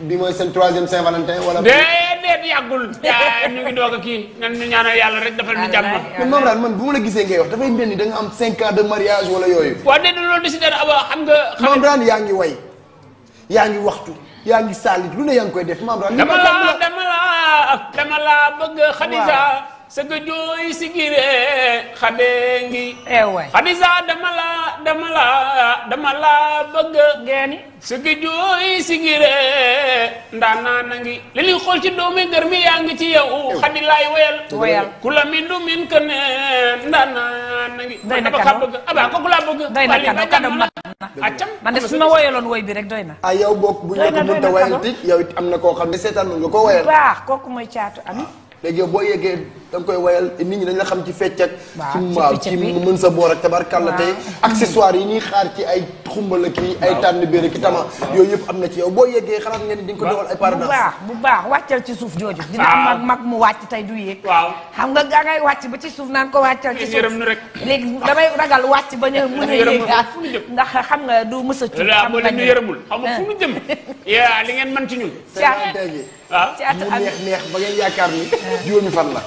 bi mooy seen
troisième Saint-Valentin wala. déedéet
yàggul. yaa ñu ngi doog a kii nan ñu ñaanal yàlla rek defal ñu jàmm. man
moom daal man bu ma la gisee ngay wax dafay mel ni da nga am cinq ans de mariage wala yooyu.
waaw déedéet loolu décidé na Aba xam nga.
xam nga moom daan yaa ngi way yaa yaa ngi saalit lu ne yaa ngi koy def membre dama la
dama la dama la bëgg Khadija sëgg jooy si giree xadee ngi eh Khadija dama la dama la dama la bëgg ngeeni sëgg jooy na ngi li ñuy xool ci doomi gër mi yaa ngi ci yow Khadi laay woyal ku la min du min que ne ndaanaa na ngi dama ka bëgg abaa kooku laa bëgg
accam ah, man de su ma woyaloon woy bi rek doy na.
ah yow bokk bu a ko mënut a woyal it am na koo xam ne seetaan nga ko woyal.
baax kooku mooy caatu am.
léegi yow boo yeggee da koy wayal nit ñi dañ la xam ci fecc ak ci waaw ci mën sa boor ak tabarkàlla tey accessoire yi ñuy xaar ci ay xumbala ki ay tànn béer ki tama yooyu yëpp am na ci yow boo yeggee xalaat ngeen di nga ko dewal ay parents
bu baax bu baax wàccal ci suuf jooju dina am mag mag mu wàcc tey du yéeg waaw xam nga gaa ngay wàcc ba ci suuf naan ko wàccal ci suuf léegi damay ragal wàcc ba ñu mën a yéeg ndax xam nga du mës a xam nga yërëmul xam nga fu mu jëm
yaa li ngeen man ci ñun
waaw ah. mu neex neex
ba ngeen yaakaar ni ah. juróomi fan la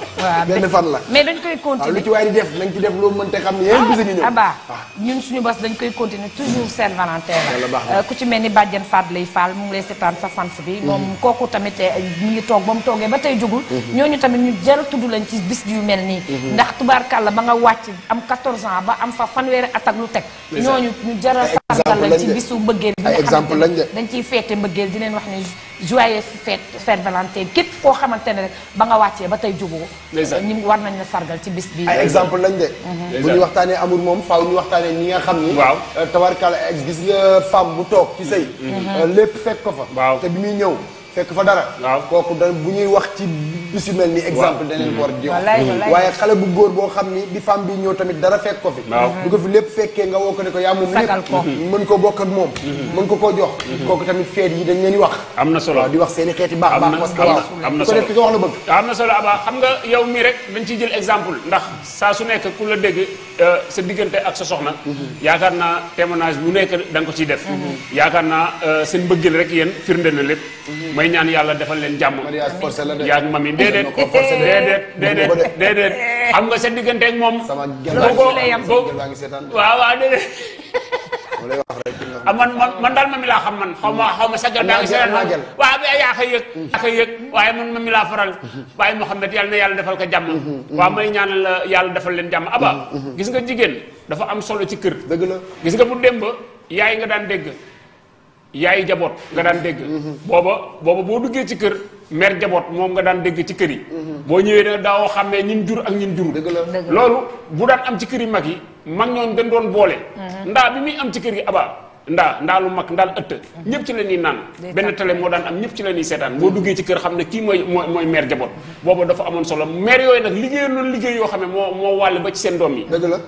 benn fan la
mais dañ koy continuer lu ci waay di def nañ ci def loo mënte xam ne yéen bisa ñu ñëw abaa ah. ñun suñu bos dañ koy continuer toujours Saint Valentin la euh, ku ci mel ni bàjjen Faat lay Fall mu ngi lay seetaan sa fans bi mm-hmm. moom kooku tamit euh, mu ngi toog ba mu toogee ba tey jugul mm-hmm. ñooñu tamit ñu jël tudd lañ ci bis yu mel nii mm-hmm. ndax tubaarkàlla ba nga wàcc am 14 ans ba am fa fanweeri at ak lu teg ñooñu ñu jaral sargal lañ ci bisu mbëggeel bi exemple lañ de dañ ciy feete mbëggeel di leen wax ne joyeux fête Saint Valentin képp koo xamante ne rek ba nga wàccee ba tey jugoo ñi war nañ la sargal ci bis bi ay exemple
lañ de mhm. bu ñu waxtaanee amour moom faaw ñu waxtaanee ñi nga xam ni waaw euh, tabarkala gis nga femme bu toog ci sëy mhm. euh, lépp fekk ko fa te bi muy ñëw fekk fa dara. waaw kooku da bu ñuy wax ci bis yu mel ni exemple daneen ko war di jox mm-hmm. waaye xale bu góor boo xam ni bi femme bi ñëw tamit dara fekk ko fi bu ko fi lépp fekkee nga woo ko ne ko yaa moom lépp mm-hmm. mën ko bokk ak moom mm-hmm. mën ko koo jox kooku tamit feet yi dañ leen wax am na solo di wax seen i xeeti baax baax parce que waaw am na solo ki nga
wax am na solo abaa xam nga yow mii rek dañ ciy jël exemple ndax saa su nekk ku la dégg euh, sa diggante ak sa soxna yaakaar naa témoignage bu nekk da ko ciy def yaakaar naa euh, seen mbëggeel rek yéen firnde na lépp may ñaan yàlla defal leen jàmm. mariage forcé la de yaa ngi mami déedéet. déedéet déedéet déedéet xam nga sa diggante ak moom. sama gàllankoor boo boo waaw waaw déedéet. ah man man man daal mami laa xam man xaw ma xaw ma sagal daa ngi seetaan waaw bi yaa koy yëg yaa koy yëg waaye man mami laa faral waaye Mouhamed yàlla na yàlla defal ko jàmm mm-hmm, mm-hmm. waaw may ñaanal yàlla defal leen jàmm aba mm-hmm, gis nga jigéen dafa am solo ci kër dëgg la gis nga bu démb yaay nga daan dégg yaay jaboot nga daan dégg mm-hmm. booba booba boo duggee ci kër mère jaboot moom nga daan dégg ci kër yi mm-hmm. boo ñëwee da daawoo xam ne ñin jur ak ñin jurul loolu bu daan am ci kër yi mag yi mag ñooñ dañ doon boole
mm-hmm. ndaa
bi muy am ci kër yi abaa ndaa ndaalu mag ndaal ëtt mm-hmm. ñëpp ci la ñuy naan benn télé moo daan am ñëpp ci la ñuy seetaan mm-hmm. boo duggee ci kër xam ne kii mooy mooy mooy maire jaboot mm-hmm. boobu dafa amoon solo maire yooyu nag liggéey yoo xam ne moo moo wàll ba ci seen doom yi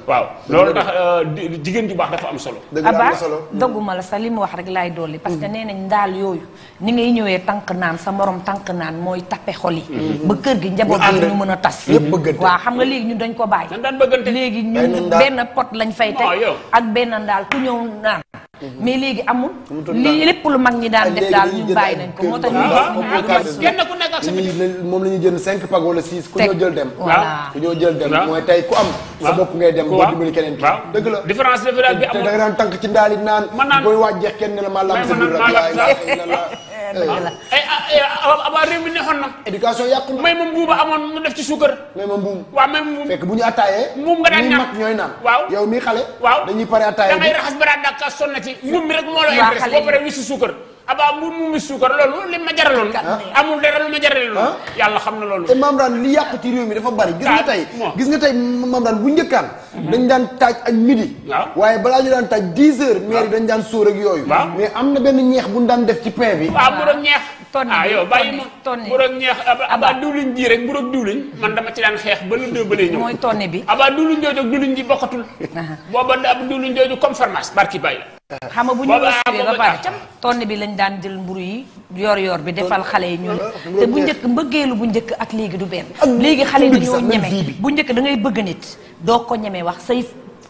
waaw loolu euh, jigéen ju baax dafa am solo aba
dogguma la sa li mu wax rek laay dolli parce que nee nañ ndaal yooyu ni ngay ñëwee tànk naan sa moroom tànk naan mooy tappe xol yi ba kër gi njaboot gi ñu mën a tas waaw xam nga léegi ñun dañ ko bàyyi léegi ñun benn pot lañ fay teg ak benn ndaal ku ñëw naan Mhm. mais léegi amul. lii lépp lu mag ñi daan def daal ñu bàyyi nañ ko moo tax
moom la ñuy jënd cinq pag wala six ku ñoo jël dem. voilà ku ñoo jël dem mooy tey ku am. sa bopp ngay dem boo dimbali keneen ki. dëgg la différence bi amul te da nga daan tànk ci ndaal
it naan. mën naan booy waaj jeex kenn ne la maa lam sa biir
rek dëgg la
ay ah. eh, ah, eh, ah, réew mi neexoon na. éducation yàqul may moom buuba amoon mu def ci suukar. may ma buum waaw may moom
buum fekk bu ñu attaayee. moom nga daan naan mag ñooy waaw yow mi xale. waaw dañuy pare attaayee bi da ngay raxas
ba daan daal ka sonn na ci. moom mi rek moo la intéresse boo paree wis si suukar. abaa mbuur mu mis suukar loolu li ma jaraloon amul dara lu ma jaraloon ah? yàlla xam na loolu te
maam daan li yàq ci réew mi dafa bari gis nga tey gis nga tey maam daan bu njëkkaan mhm. dañ daan taaj ak midi ah? waaye balaa ñu daan taaj dix heures maire ah. dañ daan sóor ak yooyu mais am na benn ñeex bu ñu daan def ci pain bi waaw bu
doon ñeex tonne ah, yow bàyyi ma tonne bu doon ñeex abaa diwlin ji rek bu doon diwlin man dama ci ba mooy tonne bi abaa diwlin jooju ak diwlin ji bokkatul booba ab diwlin jooju comme farmace barki bàyyi
la xam nga bu ñu wësee ba pare tonne bi lañ daan jël mburu yi yor yoor bi defal xale yi ñu te bu njëkk mbëggeelu bu njëkk ak léegi du benn léegi xale yi dañoo ñeme bu njëkk dangay bëgg nit doo ko ñeme wax say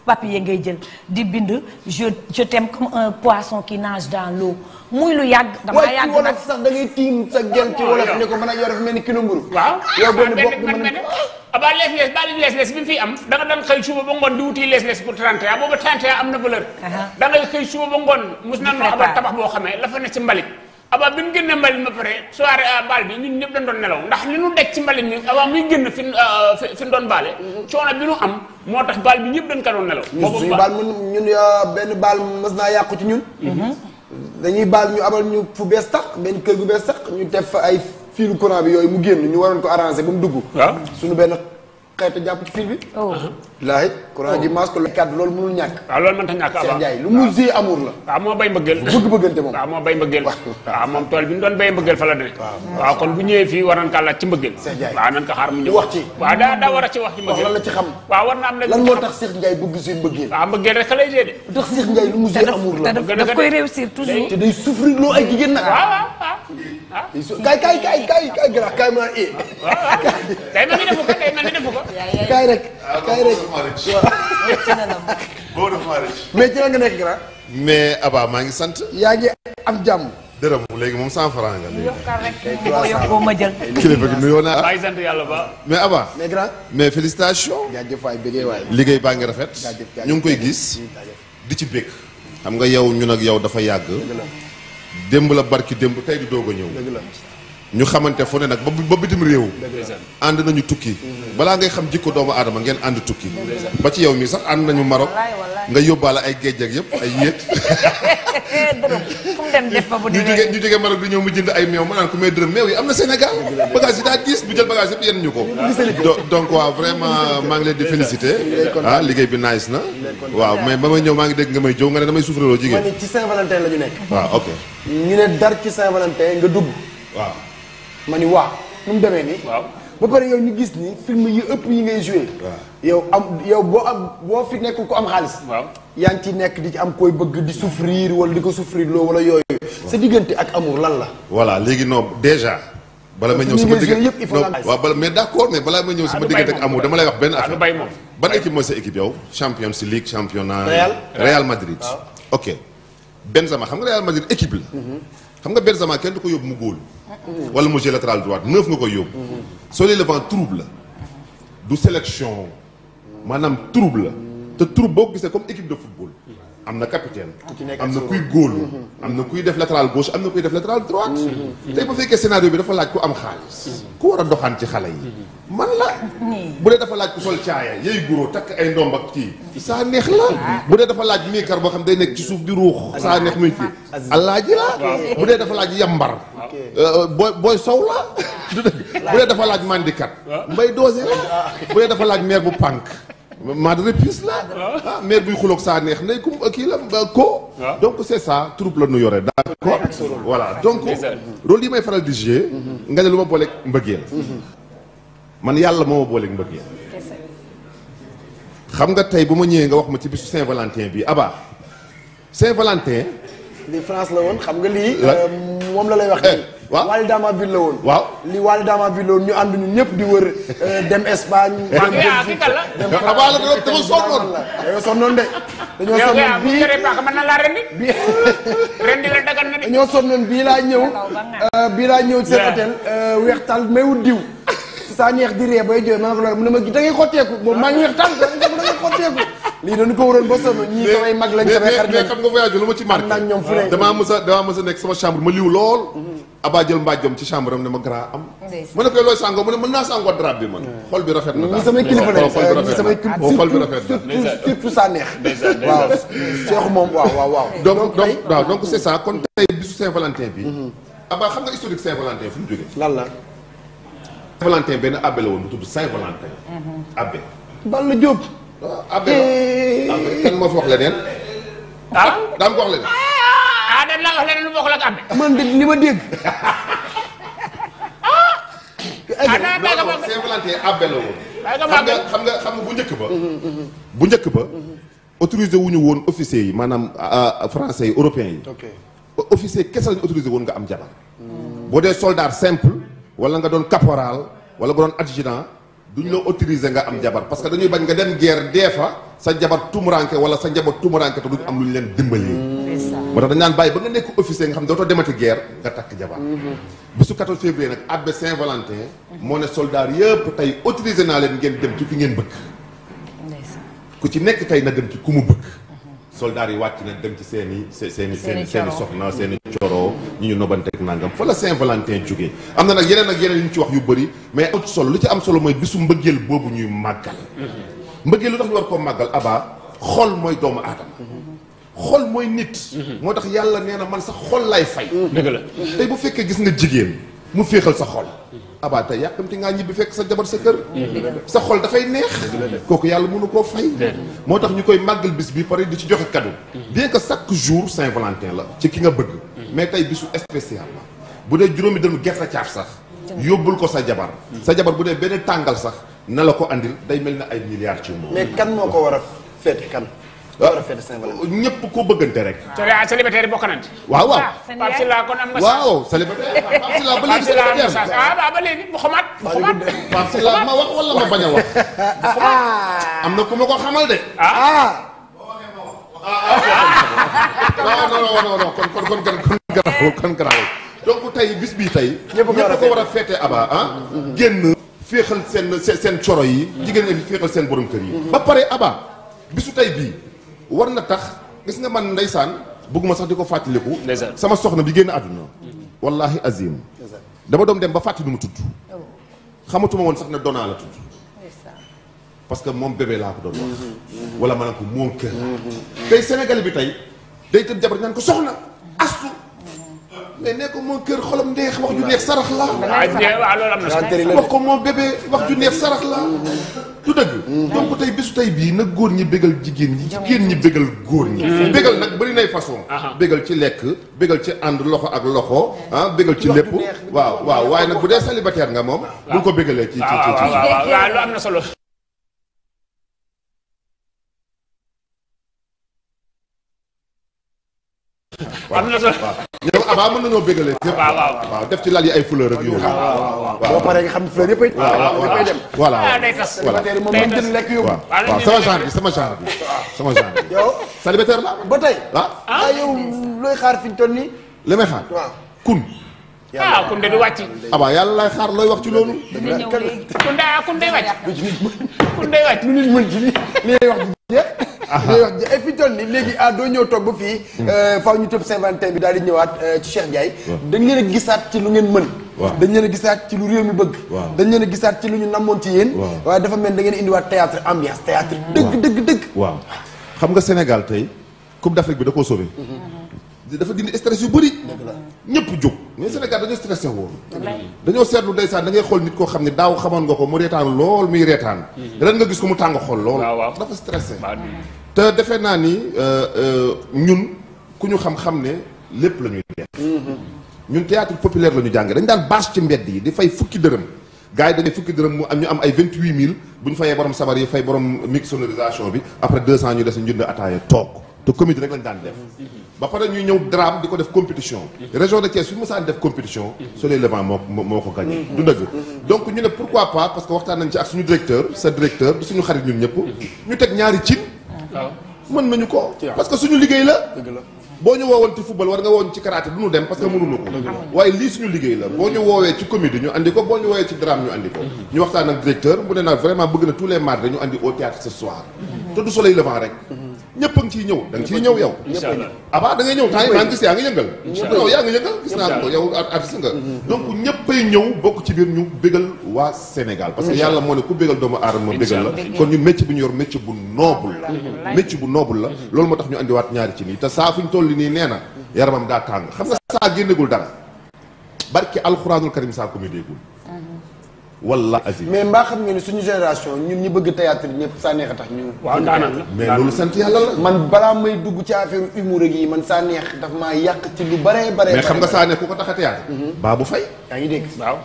papier ngay jël di bind je je t'aime comme un poisson qui nage dans l'eau muy lu yàgg. dama yàgg nag wolof sax da ngay tiim sa
gel ci wolof ne ko mën a yor mel waaw
ah, ah, ba lees lees ba lees lees bi mu fi am da nga daan xëy suba ba ngoon di wuti lees lees pour 31 boobu 31 am na valeur. da ngay xëy suba ba ngoon. mus na noo abal tabax boo xamee la fa ne ci mbalit aba bi mu génne mbalit ma pare soirée euh, baal bi ñun ñëpp dañ doon nelaw ndax li ñu deg ci mbalit mi avant muy génn fi euh, fi doon baale mhm. coono bi ñu am moo tax baal bi ñëpp dañ ko doon nelaw suñu baal
mun ñun benn baal mës naa yàqu ci ñun mhm. dañuy baal ñu abal ñu fu bees tax benn kër gu bees tax ñu def ay fiilu courant bi yooyu mu génn ñu waroon ko arrangé ba mu dugg suñu benn xeetu jàpp ci
fil bi. laahi courant ji masque la kàddu loolu mënul ñàkk. waaw loolu mënta ñàkk avant lu mu zee la. waaw moo bay mbëggeel. bëgg bëggante moom waaw moo bay mbëggeel. waaw moom tool bi ñu doon bay mbëggeel fa la kon bu ñëwee fii war nañ kaa laaj ci mbëggeel. Cheikh Ndiaye waaw xaar mu ñëw. wax war a na am léegi lan moo tax Cheikh Ndiaye bëgg seen mbëggeel. waaw mbëggeel rek lay dee de. tax Cheikh Ndiaye lu mu zee la. daf koy réussir toujours.
kay kay kay kay kay kay ma kaay rek. Ah, mais ci la nga
maa ngi sant. yaa ngi am jàmm. dërëm léegi moom 100 francs nga. yokkal
rek di ko
ma jël.
kilifa gi nuyoo naa. maa
sant yàlla ba.
mais Aba. mais grand. mais félicitations.
jaajëf waay bëggee liggéey baa ngi rafet. ñu
ngi koy gis. di ci bëgg. xam nga yow ñun ak yow dafa yàgg. démb la barki démb tey di doog a ñëw. ñu xamante fu ne nag ba bitim réew ànd nañu tukki balaa ngay xam jikko doomu adama ngeen ànd tukki ba ci yow mii sax ànd nañu Maroc nga yóbbaale ay géej ak yëpp ay yéet
dërëm fu mu dem def fa
bu ñu jógee ñu jógee Maroc di ñëw mu jënd ay meew ma naan may mais dërëm meew yi am na Sénégal bagage yi daa diis bu jël bagage yëpp yenn ñu ko donc waaw vraiment maa ngi leen di féliciter ah liggéey bi nice na waaw mais ba may ñëw maa ngi dégg nga may jow nga ne damay souffréloo jigéen
ci Saint-Valentin la ñu nekk waaw ah, ok ñu ne dar ci saint nga dugg waaw ma ni waa nu mu demee ni waaw ba pare yow ñu gis ni film yi ëpp yi ngay joué. yow am yow boo am boo fi nekkul ku am xaalis. waaw yaa ngi nekk di ci am koy bëgg di souffrir wala di ko souffrir loo wala yooyu. sa diggante ak amour lan la.
voilà léegi non déjà. bala ma ñëw sama diggante yëpp il faut waaw bala mais d'accord mais balaa ma ñëw sama diggante ak amour dama lay wax benn affaire. ban équipe mooy sa équipe yow. champions league championnat. Real Madrid. ok Benzema xam nga Real Madrid équipe la. Mhm. xam nga Benzema kenn du ko yóbbu mu góol. wala mu latéral droite neuf nga koy yóbbu. soulèvement trouble du sélection maanaam trouble la te trouble boo gisee comme équipe de football. am na capitaine am na kuy góolu mm-hmm. am na kuy def latéral gauche am na kuy def latéral droite mm-hmm. tey bu fekkee scénario bi dafa laaj ku am xaalis mm-hmm. ku war a doxaan ci xale yi man la. bu dee dafa laaj ku sol caaya yey guro takk ay ndomb ak kii. saa neex la. Ah. bu dee dafa laaj miikar boo xam day nekk ci suuf di ruux. saa neex muy kii. alaaji bu dee dafa laaj yambar. Euh, booy booy sow la. bu dee dafa laaj mandikat. Ah. mbay doose la. Ah. bu dee dafa laaj meer bu pànk. maa de pis la ah maire buy xuloog saa neex nay kum euh, kii la euh, ko donc c' est ça troupe la nu yore d'accord voilà donc rôle yi may faral di jouer mhm. nga ne lu ma booleeg mbëggeel mhm. man yàlla moo ma booleeg mbëggeel xam nga tey bu ma ñëwee nga wax ma ci bisu Saint-Valentin bi Abba
Saint-Valentin. li France la woon xam nga lii. Euh, moom la lay wax nii. Eh, waaw Wally la woon. waaw li Wally Dama ville la ñu ànd ñun ñëpp di wër euh, dem Espagne. Eh, dem eh, Belgique ah, dem dañoo sonnoon de. bii mën laa rendi. bii bii laa ñëw. Euh, bii laa ñëw seen hôtel. weex tal mayut diw. saa neex di ree bay jooy ma ne ko loolu mu ne ma ko waroon ba sama mag lañ samay xarit mais
ma ci marqué damaa mës a damaa a nekk sama chambre ma liw lool abaa jël mbaajjom ci chambre am ne ma grand ma ne koy looy sàngoo mu mën naa sàngoo drap bi man xol bi rafet na ñi samay kilifa lañ samay xol bi rafet na surtout saa neex waaw moom waaw waaw waaw donc donc waaw donc c'est ça kon tey bisu Saint-Valentin bi mm-hmm. abaa xam nga historique Saint-Valentin fu mu jógee lan la Valentin benn abbé la woon bu tudd Saint Valentin. Mhm. abbé. Balla Diop. Ah, abbé la eh. kan moo fi ah? ah, ma
man dégg.
ah la woon. xam nga xam nga xam nga bu njëkk ba. Mhm, mhm. bu njëkk ba. autorisé wu ñu woon officier yi maanaam français yi européen yi. ok officier kese lañu autorisé woon nga am jabar. boo dee soldat simple. wala nga doon caporal wala nga doon adjudant duñ la autoriser nga am jabar parce que dañuy bañ nga dem guerre dee fa sa jabar tumuranke wala sa njaboot tumuranke te ñu am luñ leen dimbali. moo tax dañ naan bàyyi ba nga nekk officier nga xam ne dootoo demati guerre nga takk jabar mm-hmm. bisu 14 février nag abbé Saint-Valentin moo ne soldat yëpp tey autorisé naa leen ngeen dem ci fi ngeen bëgg ku ci nekk tey na dem ci ku mu bëgg soldats yi wàcc nañ dem ci seen i seen i seen i seen i soxna mm. seen i coro ñu ñu nobanteeg nangam fa la Saint-Valentin jógee am na nag yeneen ak yeneen yu ñu ci wax yu bëri mais am solo lu ci am solo mooy bisu mbëggeel boobu ñuy màggal mm-hmm. mbëggeel lu tax ñu war koo màggal aba xol mooy doomu aadama
mm-hmm.
xol mooy nit mm-hmm. moo tax yàlla nee na man sax xol laay fay dëgg la tey bu fekkee gis nga jigéen mu féexal sa xol abaa tey yàkkamti ngaa ñibbi fekk sa jabar sa kër sa xol dafay neex kooku yàlla mënu koo fay moo tax ñu koy màggal bis bi pare di ci joxe cadeau bien que chaque jour Saint-Valentin la ci ki nga bëgg mais tey bisu spécial la bu dee juróomi dënnu gerte caaf sax yóbbul ko sa jabar sa jabar bu dee benn tàngal sax na la ko indil day mel na ay
milliards ci moom mais kan moo ko war a feete kan waaw ñëpp ko bëggante rek.
waaw célibataire yi bokk waaw waaw Pape Sylla kon am nga. waaw célibataire Pape Sylla ba léegi célibataire ah ba léegi mu xamaat.
am na ku ma ko xamal de. ah. ah, ah,
ah. non non non kon kon kon kon garaaw kon garaaw tey bis bii tey. ñëpp ko war a féete Aba ah. génn féexal seen seen coro yi. jigéen ñi féexal seen borom kër yi. Mm-hmm. ba pare Aba bisu tey bii. war na tax gis nga man ndeysaan bëgguma sax di ko fàttaliku. sama soxna bi génn àdduna. wallahi azim. dama doom dem ba fàttali mu tudd. Oh. xamatuma woon sax ne donnaa la tudd. parce que moom bébé laa ko doon wax. Mm-hmm. wala ma ne ko moom mm-hmm. kër. tey Sénégal bi tey day tëb jabar naan ko soxna astu. mais ne ko moom kër xolam ndeex wax ju neex sarax la. waaw loolu na wax ko moom bébé wax ju neex sarax la. du dëgg. Mm-hmm. donc tey bisu tey bii nag góor ñi bégal jigéen ñi. jigéen ñi bégal góor ñi. Mm-hmm. bégal nag bëri nay façon. bégal ci lekk bégal ci ànd loxo ak loxo. ah bégal ci lépp. waaw waaw waaye nag bu dee célibataire nga moom. bul ko bégalee ci ci ci. waaw waaw
waaw lu am na solo.
am na solo yow abaa mën nañoo bégalee yëpp waaw def ay fleur ak yooyu boo paree nga xam a yëpp ay yëppay dem voilà ah, voilà moom lañ jënd lekk yóbbu bi sama genre bi sama genre bi yow célibataire la ba tey ah? Ah?
looy xaar fi ñu toll nii
li may xaar kun
ah kunde du wàcc
abaa yàlla lay xaar looy wax ci loolu
kunde ah kunde wàcc kunde lu
nit mën ci lii lay wax dañuy wax ay fi toll nii léegi ah doo ñëw toog ba fii hmm. euh, faaw ñu tëb Saint-Valentin bi daal di ñëwaat euh, ci Cheikh Ndiaye dañ leen a gisaat ci lu ngeen mën dañ leen a gisaat ci lu réew mi bëgg dañ leen a ci lu ñu namoon ci yéen waaye dafa mel da ngeen indiwaat théâtre ambiance théâtre dëgg
dëgg dëgg waaw xam nga Sénégal tey Coupe d'Afrique bi da koo sauvé mm-hmm. dafa dindi stress yu bëri. ñëpp jóg mais Sénégal dañoo stressé woon. dañoo seetlu ndeysaan da ngay xool nit koo xam ne daaw xamoon nga ko mu reetaan lool muy reetaan. Mm-hmm. ren nga gis ko mu tàng xol lool. dafa stressé. te defe naa ni euh, euh, ñun ku ñu xam-xam ne lépp la ñuy def. Mm-hmm. ñun théâtre populaire la ñu dañ daan bâche ci mbedd yi di fay fukki dërëm. gars yi dañuy fukki dërëm mu am ñu am ay vingt huit mille bu ñu fayee borom sabar yi fay borom mix sonorisation bi après deux cent ñu des ñu jënd ataaya toog te comédie rek lañ ba pare ñuy ñëw drame di ko def compétition. région de Thiès su ma saan def compétition. Soleil Levant moo ko moo ko gagné. Mhm. du dëgg donc ñu ne pourquoi pas parce que waxtaan nañ ci ak suñu directeur sa directeur di suñu xarit ñun ñëpp. ñu teg ñaari cin. mën nañu ko. parce que suñu liggéey la. boo ñu woowoon ci football war nga woon ci karaté du ñu dem parce que mënuñu ko waaye lii suñu liggéey la boo ñu woowee ci comédie ñu andi ko boo ñu woowee ci ñëpp a ciy ñëw da ci ciy ñëw yow abaa da ngay ñëw temps yi gis yaa ngi yëngal yow yaa ngi yëngal gis naa nga mm-hmm. donc ñëppay ñëw bokk ci biir ñu bégal waa Sénégal parce que yàlla moo ne ku bégal doomu aadama bégal la kon ñu métier bi ñu yor métier bu noble la mm-hmm. métier bu noble la mm-hmm. loolu moo tax ñu andiwaat ñaari ci nii te saa fuñ toll nii nee na yaramam daa tàng xam nga saa génnegul dara barki alxuraanul karim saa ko
mu déegul walla azim mais mbaa xam nga ni suñu génération ñun ñi bëgg théâtre ñëpp saa neex a tax ñu waaw ndaanaan la mais loolu sant yàlla la man balaa may dugg ci affaire humour ak yi man saa neex daf maa yàq ci lu bare bare mais xam nga saa neex ku ko tax a théâtre mhm. baa bu fay yaa ngi dégg waaw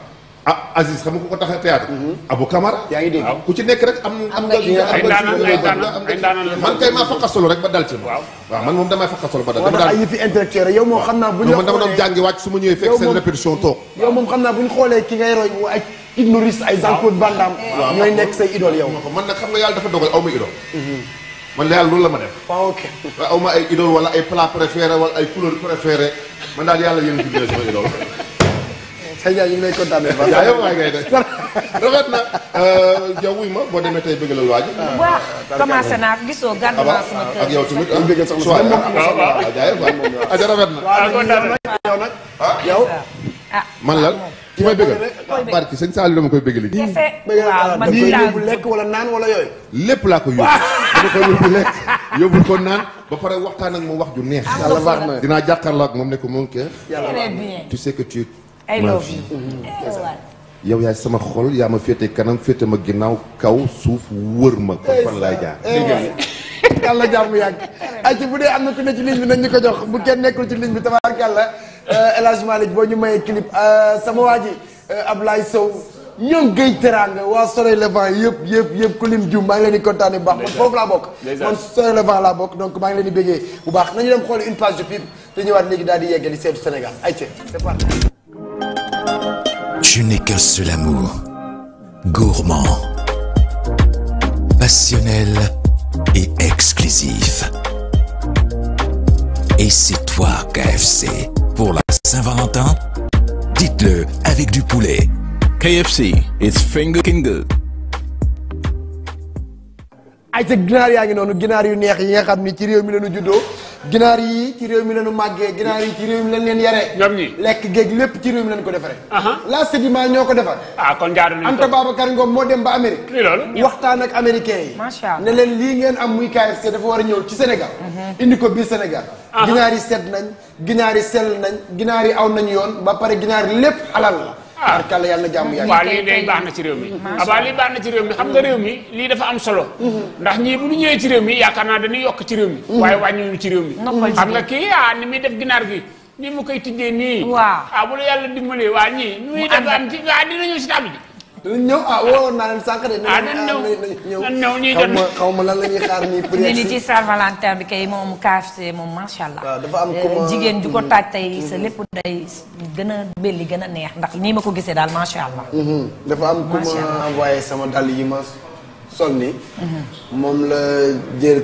ah Aziz xam nga ku ko tax a théâtre mhm. Abou Camara yaa ngi dégg ku ci nekk rek am am nga ay ndaanaan
ay ndaanaan man kay maa
fakka solo rek ba dal ci waaw waaw man moom damay fakka solo ba dal dama daan ay yëfi
intellectuel yow moom xam naa bu ñu man dama doon jàngi wàcc su ma ñëwee fekk seen répétition toog yow moom xam naa bu ñu xoolee ki ngay roy Ignoris ay Jean-Claude nekk say idole yow. man nag xam nga yàlla dafa
dogal aw ma idole. man la yàlla loolu la ma def. Ah, waaw aw ma ay idole wala ay plat préféré wala ay couleur préféré man daal yàlla yéen a tuddee sama idole.
sëñ Dia ñu ngi lay kontaanee
ba. yaa yow waay ngay def
rafet na.
Diaw euh, wuy ma boo demee tey bëgg la waaj. Ah, waaw commencé
naa gisoo gàdd naa ah, sama kër. ak yow tamit
ñu bëgg soxna si waaw waaw waaw jaay waaw. rafet na.
waaw kontaan
na yow nag. yow.
ah man la. ki may bëggal barki
sëñ Saliou koy bëggal ji
waaw man wala naan wala
lépp laa ko yóbbu dama ko naan ba pare waxtaan ak wax ju neex yàlla baax na moom ne ko moom ke tu sais que mm-hmm. eh, yow yaay sama xol yaa ma féete kanam féete ma ginnaaw kaw suuf wër ma kon fan laay jaar eh,
eh, yàlla jàmm yàgg ay ci bu dee am na ku nekk ci ligne bi nañ ñu ko jox bu kenn nekkul ci ligne bi tabaarkàlla Euh, El Hadj Malick boo ñu mayee clip euh, sama waa ji euh, Ablaye ñoom Guèye Teranga waa Soleil Levant yëpp yëpp yëpp ku lim jum maa ngi leen di kontaane foofu laa bokk man Soleil Levant laa bokk donc maa ngi leen di béggee bu baax nañu dem xool une page de pub daal di yeggali seetu Sénégal ay ca c'est parti tu n'es qu'un gourmand
passionnel et exclusif et c'est toi KFC pour la Saint-Valentin? Dites-le avec du poulet.
KFC, it's finger king good. ay te ginaar yaa ngi noonu ginaar yu neex yi nga xam ni ci réew mi lañu juddoo ginaar yi ci réew mi lañu màggee ginaar yi ci réew mi lañ leen yare ñoom lekk géeg lépp ci réew mi lañ ko defaree la sédiment ñoo ko defar ah kon jaaru nañu Anta Babacar Ngom moo dem ba Amérique loolu waxtaan ak américain yi ne leen lii ngeen am muy KFC dafa war a ñëw ci Sénégal mhm. indi ko biir Sénégal ginaar yi sedd nañ ginaar yi sell nañ ginaar yi aw nañu yoon ba pare ginaar yi lépp alal la Ah.
barkalla yàlla na jàmm yàgg waaw lii day baax na ci réew mi abaa ah, lii baax na ci réew mi lii dafa am solo mm-hmm. ndax ñii bu ñu ñëwee ci réew mi yaakaar naa dañuy yokk ci réew mi mm-hmm. waaye wàññiwuñu ci réew mi xam nga kii ah ni muy def ginaar gi ni mu koy tijjee nii waaw ah bu la yàlla dimbalee waa ñii ñuy def am
ci ah, waa dinañu si table ji dinañ ñëw ah wóoroon naa leen sànq de. Ah, ah, ñëw ñëw ñuy dem xaw ma
xaw ma lan la ñuy xaar nii. prix ni
Valentin bi kay moom KFC moom macha allah. waaw ah, dafa am comment eh, jigéen ju ko mm-hmm. taaj tey lépp gën a belli gën a neex ndax nii ma ko gisee daal macha allah. Mm-hmm.
dafa am comment envoyé sama dàll yi ma sol nii. Mm-hmm. moom la jël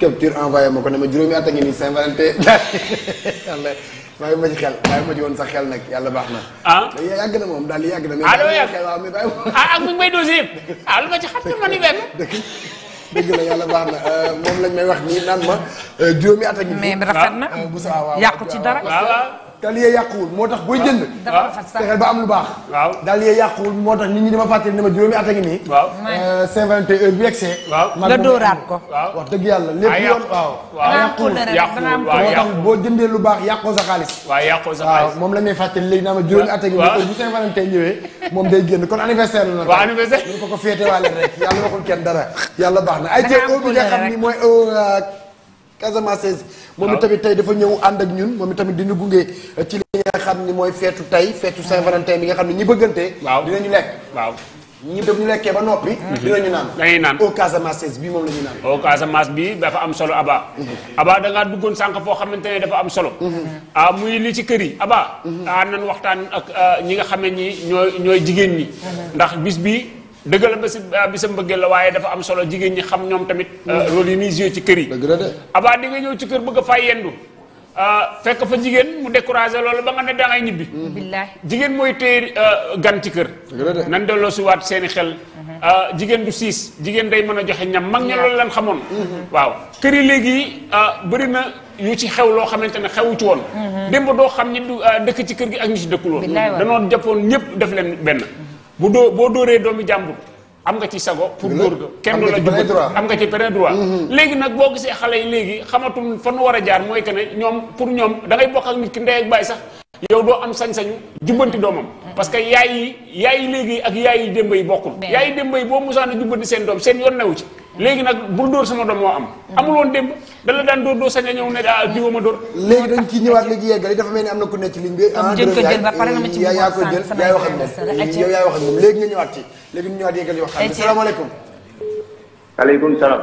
capture envoyé ma ko ne ma juróomi at a nii Saint Valentin. bàyyi ma ci xel bàyyi ma ci woon sax xel nag yàlla baax na. ah yàgg na moom daal di yàgg na. ah dama yàgg waaw mais bàyyi ma. ah ak mi ngi may dossier yëpp ah lu ma ci xam te ma ni benn. dëgg dëgg la yàlla baax na euh, moom lañ may wax nii naan ma euh, juróomi at a. mais rafet na bu ah, sa waaw yàqu ci dara. daal yee yàquwul moo tax booy ah. jënd. fexeel ba am lu baax. waaw yee yàquwul moo tax nit ñi dama fàttali ne ma juróomi at a ngi nii. waaw euh, cinquante heure bi egsee. waaw nga dóoraat ko. wax dëgg yàlla lu baax yàqoo sa xaalis. waaw yàqoo sa xaalis la ma juróomi at a ngi moom day génn kon anniversaire la nag. waaw anniversaire ñu ko ko féete waale rek yàlla waxul kenn dara yàlla baax na ay jéego bi xam ni mooy euh, Casamance moom itamit tey dafa ñëw ànd ak ñun moom itamit dina gunge eh, ci li nga xam ni mooy feetu tey feetu Saint-Valentin bi nga xam ne ñi bëggante
dinañu lekk waaw ñu def ñu lekkee ba noppi mhm. dinañu naan naan au Casamance bi moom la ñuy naan au Casamance bi dafa am solo Aba mhm. Aba da ngaa duggoon sànq foo xamante ne dafa am solo mhm. ah muy li ci kër yi Aba a ah, nan waxtaan ak ah, ñi nga xam ne ñi ñooy ñooy jigéen ñi ndax bis bi dëgg la bi ah, bisam mbëggeel la waaye dafa am solo jigéen ñi xam ñoom tamit ah, rôle yi ñuy joué ci kër abaa di nga ñëw ci kër bëgg a fay yendu ah, fekk fa jigéen mu découragé loolu ba nga ne dangay ñibbi mm-hmm. jigéen mooy téye gan ci kër nan delloo si waat seeni xel mm-hmm. jigéen du siis jigéen day mën a joxe ñam mag ña loolu leen xamoon mm-hmm. waaw kër yi léegi bëri na yu ci xew loo xamante ne xewu ci woon démb doo xam ñi dëkk ci kër gi ak ñi ci dëkkul woon danoo jàppoon ñëpp def leen benn bu doo boo dóoree doomi jàmbur am nga ci sago pour dóor ga kenn du la jubal am nga ci plein droit mm-hmm. léegi nag boo gisee xale yi léegi xamatul fa nu war a jaar mooy que ne ñoom pour ñoom da ngay bokk ak nit ki ndey ak baay sax yow doo am sañ-sañu jubbanti doomam parce que yaay yi yaay yi léegi ak yaay yi démb yi bokkul yaay yi démb yi boo musaan a jubbanti seen doom seen yoon newu ci léegi nag bul dóor suma doom moo am. amul woon démb da daan dóor doo sañ a ñëw ne ah diwa ma dóor. léegi dañ ci ñëwaat léegi yeggali dafa mel ni am na ku nekk ci ligne bi. ah jël ko jël ba pare na ma ci bëggoon sànq sama jël yaay wax ak moom
yow yaay wax ak moom léegi nga ñëwaat ci léegi ñu bi salaamaaleykum.
aleykum salaam.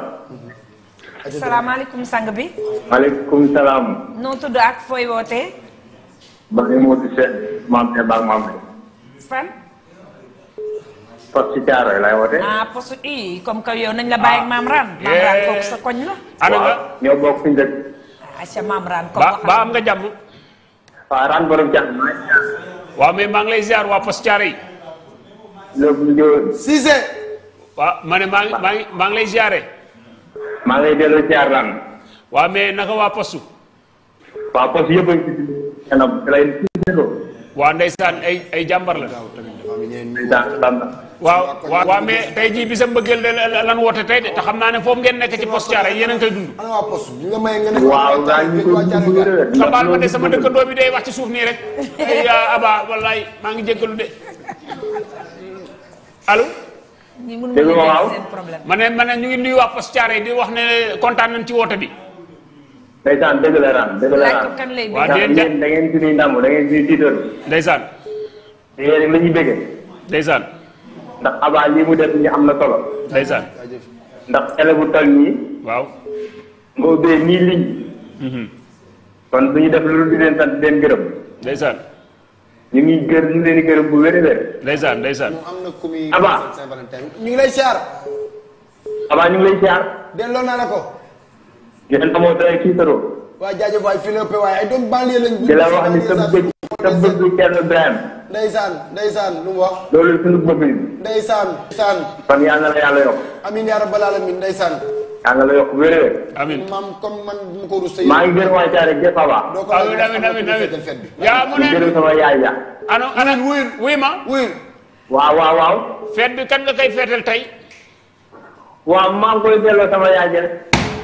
salaamaaleykum sang bi.
maaleykum salaam.
noo tudd ak fooy wootee.
ba ngay mooti seet maam Demba ak maam. fan. poste Thiaroye eh, la woote. Eh? ah
poste i comme que yow nañ la bàyyi ak ah, maam Raan. sa koñ la. ana nga
ñoo bokk suñu dëkk. ba ah, ba am nga jàmm. waaw Raan borom jàmm maa ngi ziar. waaw mais maa ngi lay ziar waa poste Thiaroye.
loolu ñu. Cissé.
waaw ma ne maa ngi maa ngi maa ngi lay ziare. Eh. maa ngi lay delloo ziar Raan. waaw mais waa ndeysaan ay ay jàmbar la. waaw waaw waaw mais tey jii bi sa mbëggeel de lan woote tey de te xam naa ne foofu ngeen nekk ci poste Thiaroye yéen a ngi koy dund. waaw
daal ñu koy dund nga de sama
dëkkandoo bi de wax ci suuf nii rek. ay Aba wallaay maa ngi jéggalu de allo. ñu ma waaw ne ma ne ñu ngi nuyu waa poste Thiaroye di wax ne kontaan ci woote bi. ndeysaan dëgg la Ram dëgg la Ram waaw déedéet da ngeen da ngeen suñuy ndàmm da ngeen suñuy tiitoon. ndeysaan. ndax abaa lii mu def ni am na solo. daysaan ndax élève bu tal nii. waaw. nga ubbee nii ligne. Mhm. kon du def lu di leen sant di leen gërëm. ndeysaan. ñu ngi gër ñu leen di gërëm bu wér a wér. ndeysaan ndeysaan. abaa. ñu ngi lay siyaar. abaa ñu ngi lay siyaar.
delloo naa la ko.
ngeen amoo dara ci saro
waaw jaajëf waay Philippe waay ay doom banlieue lañ di la wax ni sa bëgg sa bëgg Thierno Birahim ndeysaan ndeysaan lu mu wax loolu suñu bëgg yi ndeysaan ndeysaan kon yàlla na la yàlla yokk amiin yaa rabbal alamin ndeysaan
yàlla la yokk wéré amiin maam
comme man mu ko rus maa ngi gën
wàccaare gépp a baax amiin amiin amiin amiin yaa mu ne gërëm sama yaay ya ano anan wuyul wuy ma wuyul waaw waaw waaw feet bi kan nga koy feetal tey waaw maa ngi koy delloo sama yaay ja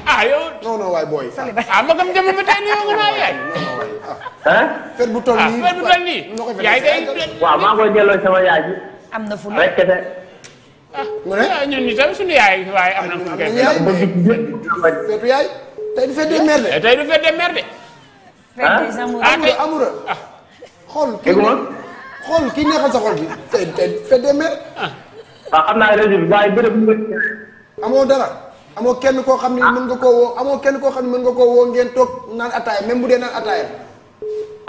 ah yow. non non waay booy. Ah, ah. ah nii bu toll nii fer waaw maa ngi koy delloo sama yaay ji.
am na fu rek kese.
ah ñun ñu tam suñu yaay waaye am na fu mu kese. feetu yaay. tey du fête eh,
ah amura ah. kii xool sa xol bi tey tey fête des mères. xam naa réseau bi waaye béréb amoo dara. amoo kenn koo xam ne mën nga koo woo amoo kenn koo xam ne mën nga koo woo ngeen toog naan ataaya même bu dee naan ataaya.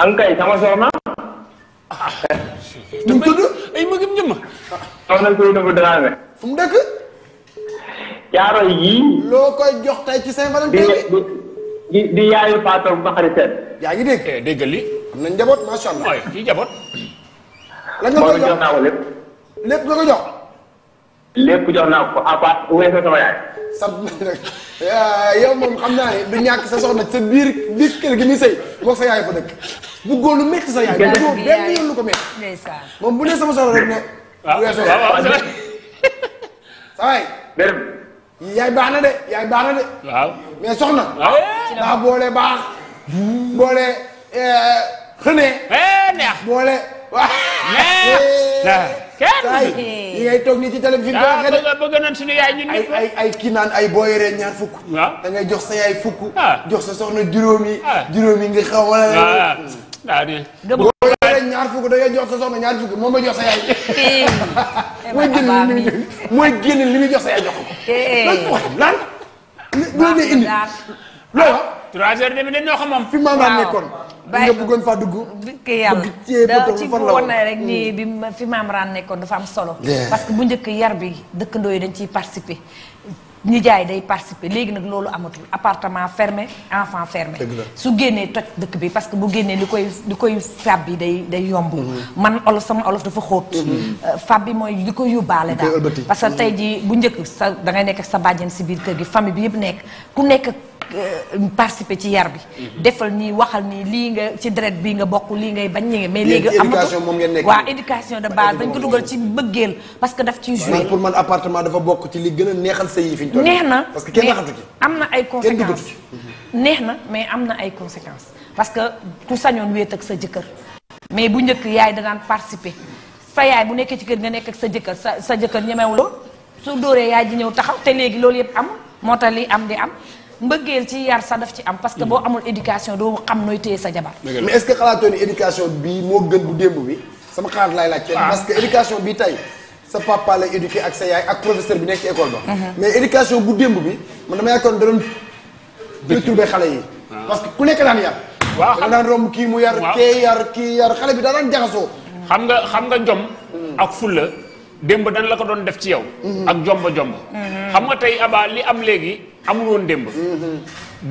an kay sama soxna. nu mu tudd ay magam jëmm. soxna fu mu dëkk. jaaro
yii. loo koy jox tay ci Saint-Valentin bi di di yaayu Fatou Bakary Sène. yaa ngi dégg. Eh, dégg li am na njaboot macha allah. waaw kii njaboot. lan nga koy jox lépp. lépp nga ko jox. lépp jox naa ko à part weesoo sama yaay. sant nañ yow moom xam sa soxna sa biir biir kër gi muy sëy moog sa yaay fa dëkk. bëggoo lu métti sa yaay. bëggoo benn yoon
lu ko métti. ndeysaan
moom bu nee sama soxla ne.
Ah, waaw sa
waay. dërëm. yaay baax na de yaay baax na de. waaw mais soxna. waaw ah. ndax boole baax. boole eh, xënee. Eh, neex boole. waaw. Eh, kenn ñi ngay toog nii ci télé bi fi mu koy bëgg nañ suñu yaay ñun ñëpp ay kii naan ay boo yoree ñaar fukk. waaw da ngay jox sa yaay fukk. Ah. jox sa soxna juróomi. Ah. juróomi nga xaw wala. Ah,
waaw
boo yoree ñaar fukk da ngay sa soxna ñaar fukk moom ma jox sa
li muy jox sa yaay ko. lan indi
loolu. 3 heures demi dañ ñoo xam moom. fi maanaam nekkoon.
bàyyi nga bëggoon faa dugg. kii yàlla da ci woon na rek nekkoon dafa am solo. parce que bu njëkk yar bi dëkkandoo yi dañ ciy participer. ñu jaay day participer léegi nag loolu amatul appartement fermé enfant fermé su génnee toj dëkk bi parce que bu génnee li koy li koy fab bi day day yomb mm-hmm. man olof sama olof dafa xóot mm-hmm. euh, fab bi mooy li koy yóbbaale daal parce que tey ji bu njëkk sa dangay nekk sa bàjjen si biir kër gi famille bi yëpp nekk ku nekk Euh, participer ci yar bi. Mhm. defal nii waxal nii lii nga ci deret bi nga bokk lii ngay bañ ñi mais léegi amatu waaw éducation de base dañ ko dugal ci bëggeel parce que daf ciy joué. pour
man appartement dafa bokk ci li gën a neexal sa yi fi ñu na parce que kenn xatu ci
am na ay conséquences neex na mais am na ay conséquence parce que ku sañoon wéet ak sa jëkkër mais bu njëkk yaay danaan participer sa yaay bu nekkee ci kër nga nekk ak sa jëkkër sa sa jëkkër ñemewuloo su dóoree yaay ji ñëw taxaw te léegi loolu yëpp am moo tax li am di am mbëggeel ci yar sax def ci am parce que boo mm. amul éducation doo xam nooy téye sa jabar
mais est-ce éducation bi moo gën bu démb bi sama xalaat laay laajte parce que éducation bi tey sa papa ak sa yaay ak professeur bi nekk ci école ba mm-hmm. mais éducation bu démb bi man dama yàkkoon da doon perturbé xale yi ah. parce que ku nekk daan yar waaw da daan
romb kii mu yar kee yar kii yar xale bi daa daan jaxasoo xam nga xam nga jom ak fulla démb dañ la ko doon def ci yow. Mm-hmm. ak jomba jomb
mm-hmm. xam nga
tey abaa li am léegi amul woon démb. Mm-hmm.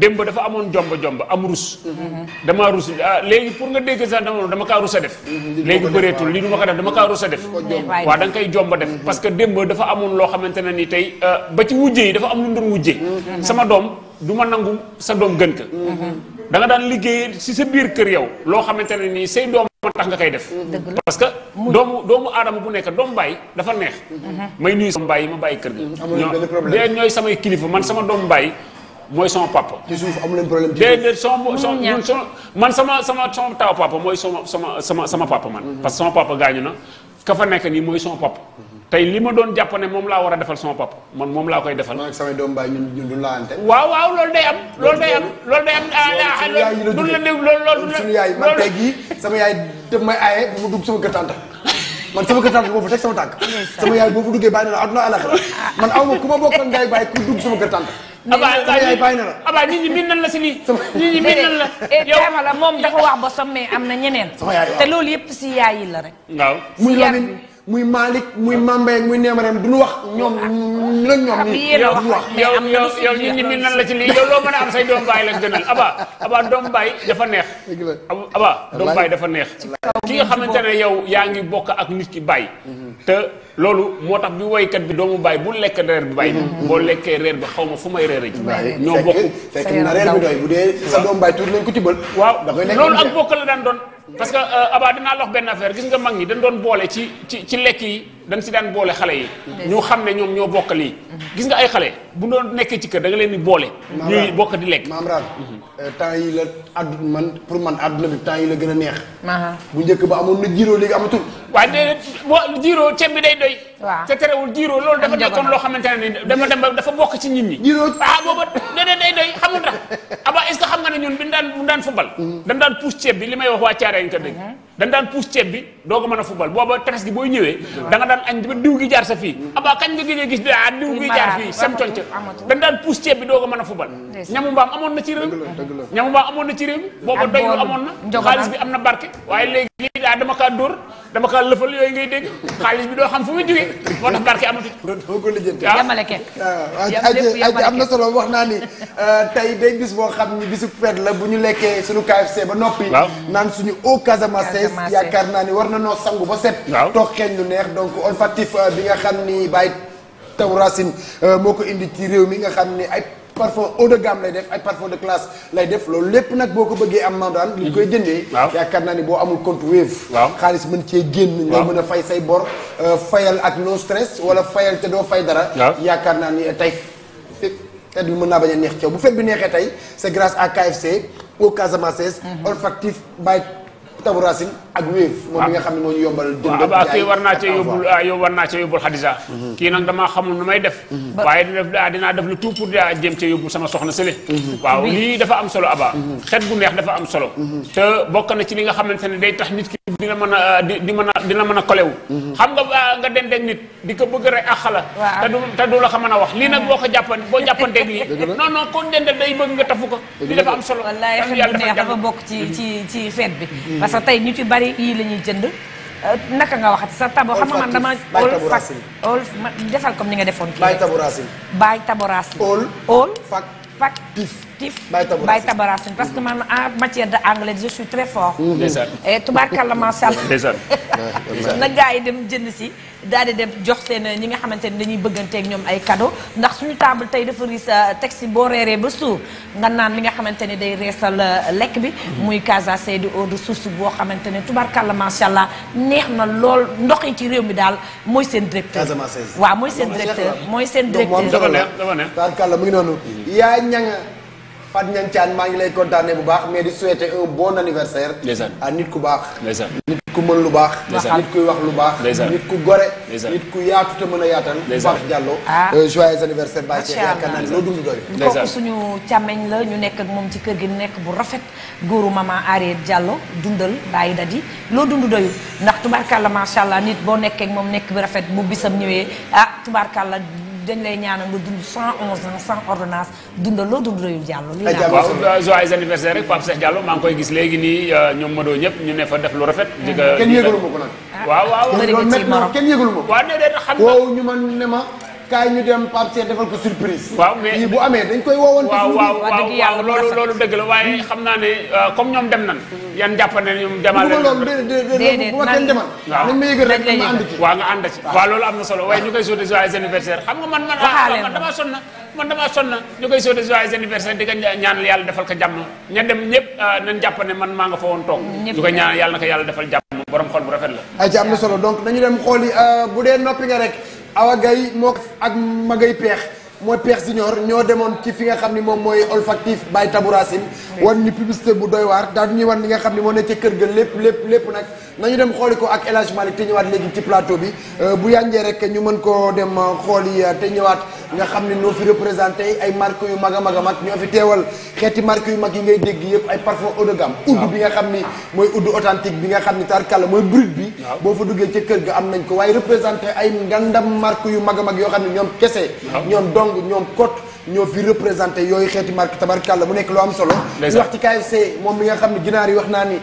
démb dafa amoon jomba jomba am rus. damaa rus ah, léegi pour nga dégg sax dama dama kaa rus a def. léegi bëreetul lii du ma ko def dama kaa rus a def. waaw da nga koy jomba def. parce que démb dafa amoon loo xamante ne ni tey euh, ba ci wujje yi dafa am lu mu doon wujje. sama doom du ma nangu sa doom gën ka. da nga daan liggéey si sa biir kër yow loo xamante ne nii say doom. tax nga kay def parce que doomu doomu aadama bu nekk doomu baay dafa neex mhm. may nuyu sama baay yi ma bàyyi kër gi mm-hmm. ñoo ñooy samay kilifa man sama doomu baay mooy sama papa ci suuf amu sama sama man sama sama sama taw mooy sama sama sama man mm-hmm. parce que sama papa gaañu na ka fa nekk nii mooy sama papa mm-hmm. tey li ma doon jàpp moom laa war a defal sama papa man moom laa koy defal. man ak samay doom baay ñun ñun waaw waaw loolu day am. loolu day am loolu day am ah, ah, la déglu loolu loolu.
suñu sama yaay daf may aaye mu dugg sama kër tànta man sama boobu teg sama tànk. sama yaay boo fa duggee bàyyi na la àdduna àllaxira man aw ma ku ma bokkal ngay bàyyi ku
la si eh, eh, yow la moom dafa wax ba somme am na ñeneen te loolu yëpp si yaay yi la rek waaw muy lamin muy
Malick muy ah. Mambey muy Neemareem duñu wax ñoom ñu ah. la ñoom ñi duñu wax yow yow yow ñu ngi mi nan la ci lii yow loo mën a am say
doom baay la gënal aba aba doom baay dafa neex aba doom baay dafa neex ki nga xamante ne yow yaa ngi bokk ak nit ki baay mhm. te loolu moo tax bi woykat bi doomu baay bu lekk reer bi baay mhm. boo lekkee reer bi xaw ma fu may reer a ji ñoo bokk fekk na reer bi doy bu dee sa doom baay tuur nañ ko ci bël waaw loolu ak bokk la daan doon parce que euh, abaa dinaa lox benn affaire gis nga mag ñi dañ doon boole ci ci ci lekk yi dañ si daan boole xale yi ñu xam ne ñoom ñoo bokk lii mm-hmm. gis nga ay xale bu doon nekkee ci kër da nga leen di boole ñuy bokk di lekk maam
raad mm-hmm. euh, temps yi la addu man pour man
àdduna bi temps yi la gën a neex uh-huh. bu njëkk ba amoon na jiiroo léegi amatul waaw déedéet boo jiiroo ceeb bi day doy waaw te terewul jiiroo loolu dafa nekkoon loo xamante ne ni dama dem dafa bokk ci nit ñi jiiroo ah booba déedéet day doy xamul tax aba est-ce que xam nga ne ñun bi daan daan football mm-hmm. dañ daan pousse ceeb bi li may wax waa caareen ka dégg dañ daan puus ceeb bi doo ko mën a football booba tefes gi booy ñëwee da daan añ ba diw gi jaar sa fii abaa kañ nga gëj ah, gi jaar daan puus ceeb bi doo ko mën a football ñamu mbaam amoon na ci réew ñamu mbaam amoon na ci réew booba doylu amoon na xaalis bi am na barke waaye léegi lii daal dama kaa dóor dama kaa lëfal yooyu ngay dégg xaalis bi doo xam fu muy jógee moo tax barke amatu doo ko lijjanti yamale
am na
solo wax naa ni euh, tey day bis boo xam ni bisu fête la bu ñu lekkee suñu KFC ba noppi naan suñu eau Casamance yaakaar naa ni war na noo sangu ba set toog xeeñ lu neex donc olfactif euh, bi nga xam ni bàyyi taw racine euh, moo ko indi ci réew mi nga xam ni ay parfum haut de gamme lay def ay parfum de classe lay def loolu lépp nag boo ko bëggee am mandaan li koy mhm. jëndee yaakaar naa ni boo amul compte wave xaalis mën cee génn nga mën a fay say bor euh, fayal ak no stress wala fayal te doo fay dara yaakaar naa ni tey fet bi mën naa bañ a neex caw bu fet bi neexee tey c'est grâce à KFC au Casamance mhm. olfactif by tabu racine ak wéef moom mi nga xam ne moo ñu yombalal jënd ak kii war naa cee yóbbul
ah, yow war naa cee yóbbul Xadisa mhm. kii nag damaa xamul nu may def mhm. waaye ah, dinaa def le tout pour daa ah, jëm cee yóbbul sama soxna sële mhm. waaw lii dafa am solo aba xet gu neex dafa am solo te bokk na ci li nga xamante ne day tax nit ki dina mën a di di mën a dina mën a kolewu xam nga nga dendeeg nit di ko bëgg rek ak xala te du te du la ko mën a wax lii nag boo ko jàppan boo jàppanteeg
lii non non kon dende day bëgg nga tafu ko li dafa am solo yàlla dafa bokk ci ci ci fête bi sa tey ñu ci bari yii la ñuy jënd naka nga waxati sa tabo xam nga man dama ol fak ol defal comme ni nga defoon kii baay taborasil bay taborasil ol ol fak fak tif actif. bay tabaraasin parce que man en matière de anglais je suis très fort. Mm-hmm. et tubaarkalla macha allah. na gaa yi dem jënd si. daal di dem jox seen ñi nga xamante ni dañuy bëgganteeg ñoom ay cadeau ndax suñu table tey dafa riis euh, taxi boo reeree ba suur nga naan li nga xamante ni day reesal euh, lekk bi. Mm-hmm. muy Casa Seydou eau de source boo xamante ne tubaarkalla macha allah neex na lool ndox yi ci réew mi daal mooy seen directeur. Casamance mooy seen directeur mooy seen directeur.
dafa neex Fatou Nian Thian maa ngi lay kontaanee bu baax mais di souhaiter un bon anniversaire. nit ku baax. nit ku mën lu baax. nit kuy wax lu baax. nit ku gore. nit ku yaatu te mën a yaatal. Pape Diallo. ah euh, anniversaire Baye Cheikh loo dund
doy. kooku suñu càmmeñ la ñu nekk ak moom ci kër gi nekk bu rafet góoru maman Ariel Diallo dundal bàyyi dadi loo dund doyul ndax tubaarkàlla macha allah nit boo nekkee ak moom nekk bu rafet bu bisam ñëwee ah tubaarkàlla. dañ lay ñaanal nga dund 111 ans sans ordonnance dundaloo dund rëyul Diallo. lii laa waaw
joyeux anniversaire rek Pape Cheikh Diallo maa ngi koy gis léegi nii euh, ñoom Mado ñëpp ñu ne fa def lu rafet. di ko kenn yëgalu ma ko nag. waaw waaw kenn
yëgalu
ma ko. waaw déedéet xam nga. ñu man ne ma. kaay ñu dem Pape Cheikh defal ko surprise. waaw mais bu amee dañ koy woowoon. waaw waaw loolu
loolu dëgg la waaye hmm. xam naa ne euh, comme ñoom dem nan yan jàpp ne ma ma yëgal rek ma ànd ci. waaw man. waxaale man man damaa sonn ñu koy souhaité joyeux anniversaire di ñaanal yàlla defal ko jàmm ña dem ñëpp euh, nañ jàpp man maa nga fa woon toog. ñu koy ñaanal yàlla defal jàmm borom xol bu rafet la.
ay ci am na solo donc nañu dem xool euh, bu dee noppi nga rek Awa Gaye moo ak Magay Peex mooy Pierre Signor ñoo demoon ci fi nga xam ni moom mooy olfactif Baye Tabouracine wan ñu publicité bu doy waar daal ñuy wan li nga xam ni moo ne ca kër ga lépp lépp lépp nag nañu dem xooli ko ak El Hadj ñëwaat léegi ci plateau bi euh, bu yànjee rek ñu mën koo dem euh, xooli euh, te ñëwaat nga xam ni noo fi représenté ay marque yu mag a mag a mag ñoo fi teewal xeeti marque yu mag yi ngay dégg yëpp ay parfum haut de gamme oud bi nga xam ni mooy oud authentique bi nga xam ni tarkalla mooy brut bi boo fa duggee ca kër ga am nañ ko waaye représenté ay ngandam marque yu mag a mag yoo xam ne ñoom kese ñoom dong ñoom cote ñoo fi représenté yooyu xeeti marque tabarkàlla mu nekk lu am solo ñu wax ci KFC moom mi nga xam ne ginaar yi wax naa ni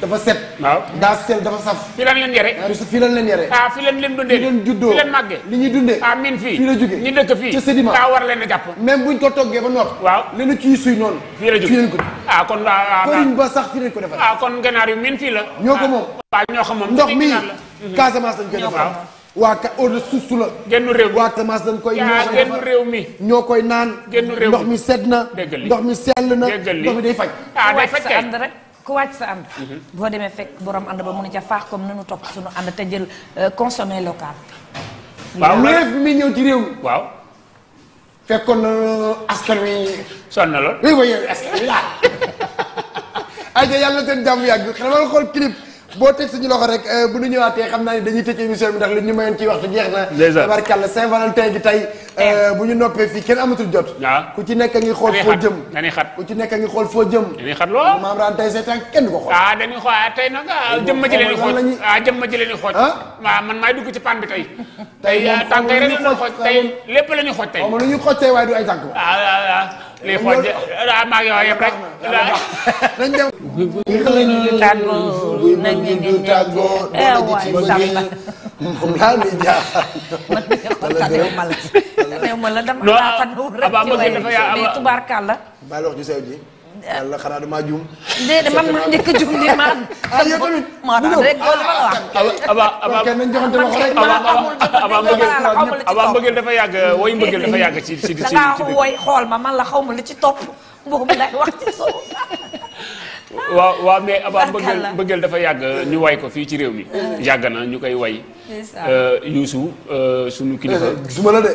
dafa set waaw daa dafa saf fi lan leen yare fi lan leen yare
ah fi lan leen li ñuy dundee ah la jógee ñu dëkk fii ca sédiment daa war
leen a jàpp même buñ ko toggee ba noot waaw lena ciy suy noonu fii la jógee fii lañ ko ah kon farine ah, ba sax fii lañ ko defal ah,
kon ganaar yu min fii la
ñoo ko moom ah, ndox mi Casamance waa ka eau suuf la. génn réew mi waa Casamance dañ koy. yaa génn réew koy naan. génn réew mi ndox mi sedd na. ndox mi sell na ndox mi day faj. ah day faj kay
rek. ku wàcc sa ànd mhm. boo demee fekk borom ànd ba mu ne ca faax comme nanu topp suñu ànd te jël euh, consommé local
waaw léef mi ñëw ci réew mi waaw
fekkoon na
askan wi sonn na lool réew ma yeewu askan wi yàlla seen jàmm yàgg xanaa ma xool clip boo teg suñu loxo rek euh, bu ñu ñëwaatee xam naa ne dañuy tëj émission bi ndax li ñu mayoon ci waxtu jeex na. dèjà tabarkàlla Saint-Valentin gi euh, eh. bu ñu noppee fii kenn amatul jot. Ah.
ku ci nekk ngi xool foo jëm. ku ci nekk a ngi xool foo jëm. dañuy xat lool maam Rane tey seetaan kenn du ko xool. ah dañuy xool ah tey nag ah, jëm ah, ma ci leen xooj lépp la ñuy xooj tey. waaw man
lu ñuy xooj tey waaye du ay tànk
ba. lii xool ah maa ngi wax yëpp rek.
nañ dem. ñu
tàggoo nañu ñu tàggoo. waay sàmm moom laa muy jaaxal. man de xool tànneewu ma la. tànneewu ma la dama laa tànneewu rek ci waaye tubaarkàlla.
baaloo ji sew ji. yàlla xanaa damaa juum.
déedéet man njëkk a juum nii maa. ah yow tamit maa daan rek ma la
wax. aba aba kon nañ dafa yàgg woy mbëggeel dafa yàgg ci ci ci da
woy xool ma man la xaw ma lu ci topp boobu lay wax ci suuf. waaw waaw
aba mbëggeel dafa yàgg ñu way ko fii ci réew mi. yàgg na ñu koy way. Euh, Youssou euh, sunu kilifa. Eh, eh, suma la de.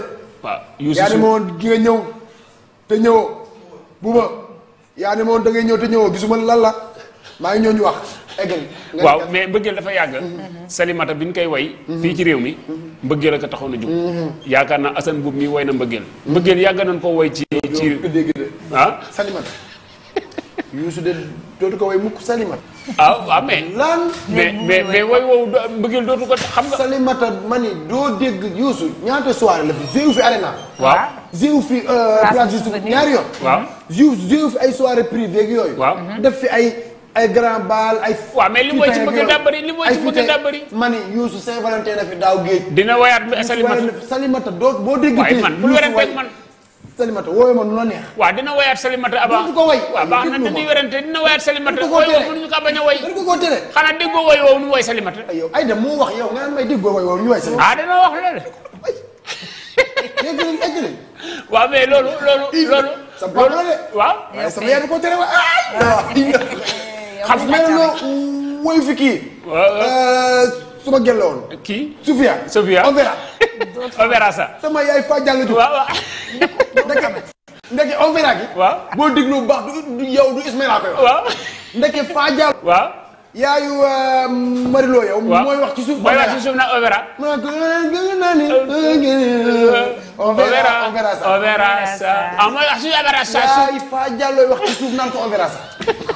yaa ne ma ki nga ñëw
te ñëwoo yaa ne moom da ngay ñëw te ñëwoo gisuma lan la maa ngi ñëw ñu wax eggal.
waaw mais mbëggeel dafa yàgg. Mhm. Salimata bi ñu koy way. Mhm. fii ci réew mi. Mhm. mbëggeel ak taxoon a jug. yaakaar naa Assane Boub mii way na mbëggeel. mbëggeel yàgg nañ koo woy ci ci. ah Salimata.
Youssou de dootu ko way mukk Salimata.
ah waaw ah, mais
lan. mais mais mais way wow mbëggeel dootu ko xam nga. Salimata ma ni doo dégg Youssou ñaata soirée la fi jéew fi arena. waaw ah. jéew fi euh, place Youssou ñaari yoon. waaw jéew jéew fi ay soirée privée ak yooyu. waaw mhm. def fi ay ay grand bal ay. waaw mais li mooy ci bëgg daa bëri li mooy ci bëgg daa bëri. ma ni Youssou Saint-Valentin la fi daaw géej.
dina wayaat Salimata Salimata doo boo dégg. waay man bu man. Salimata wooyoo ma nu la neex. waaw dina woyaat Salimata Aba dootu ko woy. waaw baax na dañuy werante dina woyaat Salimata. dootu ko ko tere mënuñu ko bañ a woy. dootu ko tere. xanaa déggoo woy woowu nu woy Salimata. yow Aïda
moo wax yow nga naan may déggoo woy woowu ñu woy Salimata. ah dina wax loolu. dégg nañ dégg nañ. waaw mais loolu loolu. loolu sa bopp la de. waaw. waaye sama yaay ko tere wa ay. xam nga loolu woy fi kii. Euh, su ma gelle woon. kii Sofia. Sofia on verra.
on verra ça.
sama yaay fa jàng tu. waaw waaw. ndeke on verra gi. waaw boo déglu bu baax du yow du Ismaïla koy wax. waaw ndeke fa waa yaayu euh, Marilou yow. mooy wax ci suuf. mooy wax ci suuf na Overa. on verra on verra ça ah, ci Overa ça. yaay Fa Diallo wax ci suuf naan ko on verra ça.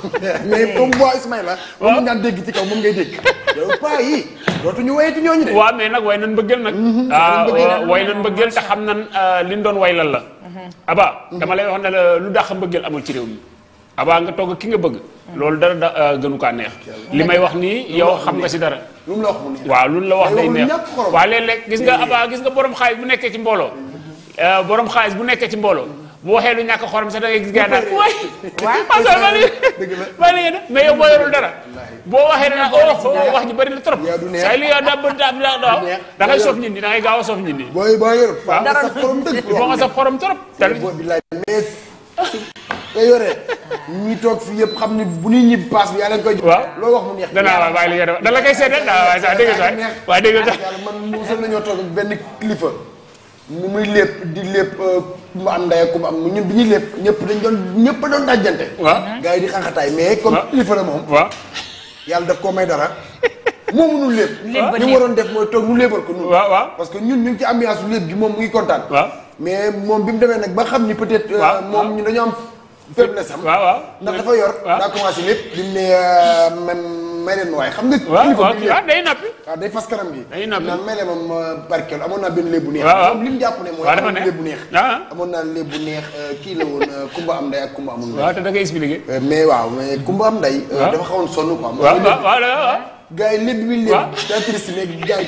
mais comme waa Ismaïla.
waaw nag way nan bëggeel nag. Mhm. Ah, way nan bëggeel te nan euh, li ñu doon way lan la. Mhm. Aba. Mhm. dama lay wax ne la lu dàq mbëggeel amul ci réew mi. abaa nga togg ki nga bëgg. loolu dara da euh, gënu kaa neex. li may wax nii yow xam nga si dara. lu mu la wax waaw lu la wax day neex waaw léeg-léeg gis nga abaa gis nga borom xaalis bu nekkee ci mbooloo. Euh, borom xaalis bu ci mbooloo. bu waxee lu ñàkk xorom sax da ngay gis gaa daal waay waaw ma ma li ngeen mais yow dara boo waxee dana oh, oh wax ji bari na trop saa yi li yow daa bëri daa waaw da ngay soof ñi da ngay gaaw a soof nit ñi boo boo yorul waaw dara sax xorom boo nga sax xorom trop
te yore ñuy toog fii yëpp xam ne bu ñuy ñibbi paas bi yàlla nga koy. waaw loolu wax mu neex. danaa waaw bàyyi li nga def da la koy seetal daa ah, waaye sax dégg sax waaw dégg sax. yàlla man mosal nañoo toog ak benn kilifa mu muy lépp di lépp mu euh, am ndey ku mu am ñun bi ñuy lépp ñëpp dañ doon ñëpp doon dajante. waaw gars yi di xanxataay mais. comme kilifa la moom. waaw yàlla daf koo may dara. moo mënul lépp. lépp ñu waroon def mooy toog ñu léebal ko. ñun waaw waaw parce que ñun ñu ngi ci ambiance lépp gi moom mu ngi kontaan. waaw mais moom bi mu demee nag ba xam ni peut-être. Euh, moom ñu dañoo am faiblesse am. waaw waaw ndax dafa yor. waaw daa commencé lépp. lim ne euh, man may leen xam nga. waaw waaw day nappi. waaw day fas kanam gi. day nappi naan may leen ma euh, barkeel amoon naa benn lébu neex. waaw li mu jàpp ne mooy. waaw dafa neex lébu neex. Ah. amoon naa lébu neex euh, kii la woon kumba am nday ak kumba amul nday. waaw te da ngay expliqué. mais waaw mais kumba am nday. dafa xawoon sonn quoi. waaw waaw
waaw. gars yi lépp bi
lépp. waaw daa triste yi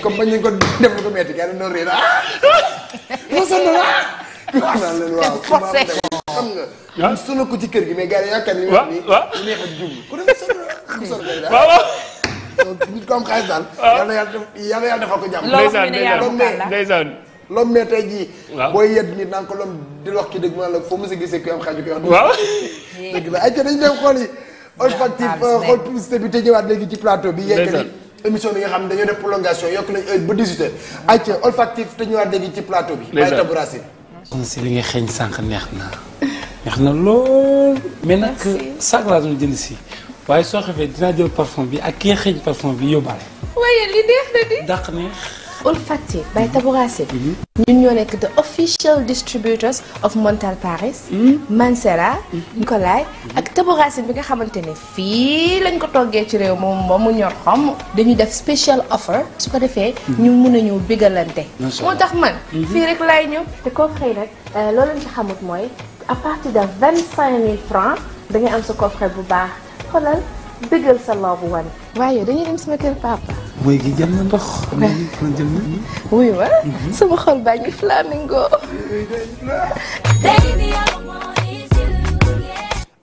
comme bañ nañ ko def ko metti gars yi dañu doon réer ah. mosoon xam nga. Ah. solo ko ci kër gi mais gars yi yaakaar nañu. waaw li neex ak jublu ku nekk solo
ku solo kay daal. waaw
nit ko am xaalis daal. waaw yàlla yàlla yàlla defal ko jàmm. ndeysaan l'homme mais tey jii. waaw booy yedd ko l'homme di a gisee ku am xaaju ko wax. waaw dëgg la ay ca dañu dem xool euh, bi te ñëwaat léegi ci nga xam ne dañoo def prolongation yokk nañ heure ba 18h. ayca olfactif te ñëwaat léegi ci plateau bi. ay tabu racine
kon si li nga xeeñ sànq neex na neex na lool. mais nag sànq laa doon si waaye soo xefee dinaa jël parfum bi ak kii xeeñ parfum bi yóbbaale.
waaye neex. olfactive by Tabouracé ñun ñoo nekk the official distributors of Montal Paris mm-hmm. Mansera mm-hmm. Nicolay ak mm-hmm. Tabouracé bi nga xamante ne fii lañ ko toggee ci réew moom moom mu ñor xam dañuy def special offer su ko defee ñu mun a ñëw bigalante moo tax man fii rek laay ñëw te koo xëy nag euh, loolu lañ ci xamut mooy à partir de vingt cinq mille francs da am sa coffret bu baax xoolal bëggal sa love one. waaye dañuy dem sama kër papa.
mooy gi jëm na ndox. mooy gi jëm na.
wuyu ma. Mhm. sama xol baa ngi flamingo.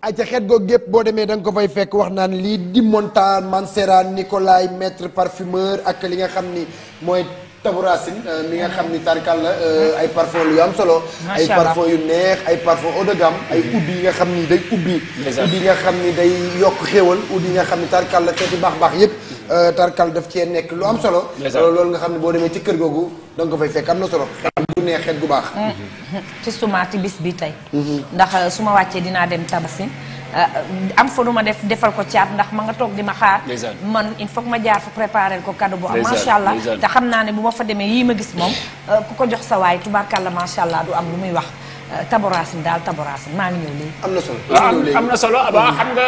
aca xet goo gépp boo demee da nga ko fay fekk wax naan lii di montaan Mansera Nicolay maître parfumeur ak li nga xam ni mooy. Tabou Racine euh, mi nga xam ni tarkal la euh, ay parfum yu am solo ay parfum yu neex ay parfum haut de gamme mhm. nga xam ni day ubbi ubbi yi nga xam ni day yokk xéewal ubbi yi nga xam ni tarkal la xeeti baax baax yépp euh, tarkal def cee nekk lu am solo loolu nga xam ne boo demee ci kër googu da nga ko fay fekk am na solo bu neex xeet gu baax
mhm. ci suma ci bis bi tey mhm. ndax su ma wàccee dinaa dem tabaski Euh, am fa ma def defal ko caat ndax ma nga toog di ma xaar man il faut ma jaar fa préparer ko cadeau bu am macha allah te xam naa ma fa yii ma gis moom euh, ku ko jox sa waay tubaarkàlla macha allah du am lu muy wax euh, taboraasin daal taboraasin maa ngi am na solo ah, am na
solo ba xam nga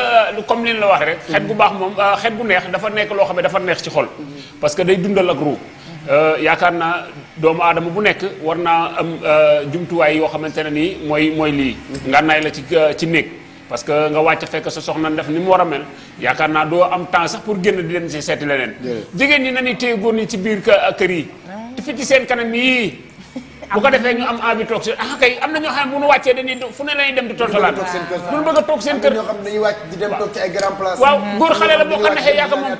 comme li la wax rek. xet bu baax moom xet gu neex dafa nekk loo xam ne dafa neex ci xol. parce que day dundal ak ruu. yaakaar naa doomu aadama bu nekk war naa am jumtuwaay yoo xamante ne nii mooy mooy lii. ngànnaay la ci ci néeg. parce que nga wàcc fekk sa soxna def ni mu war a mel yaakaar naa doo am temps sax pour génn di leen si seeti leneen jigéen ñi nañu téye góor ñi ci biir kër yi ah. fi ci seen kanam yii bu ko defee ñu am envie toog si ah kay am na ñoo xam ne bu wàccee dañuy fu ne lañuy dem di tontalaat duñu bëgg
a toog seen kër waaw góor xale la boo ko
naxee yaaka moom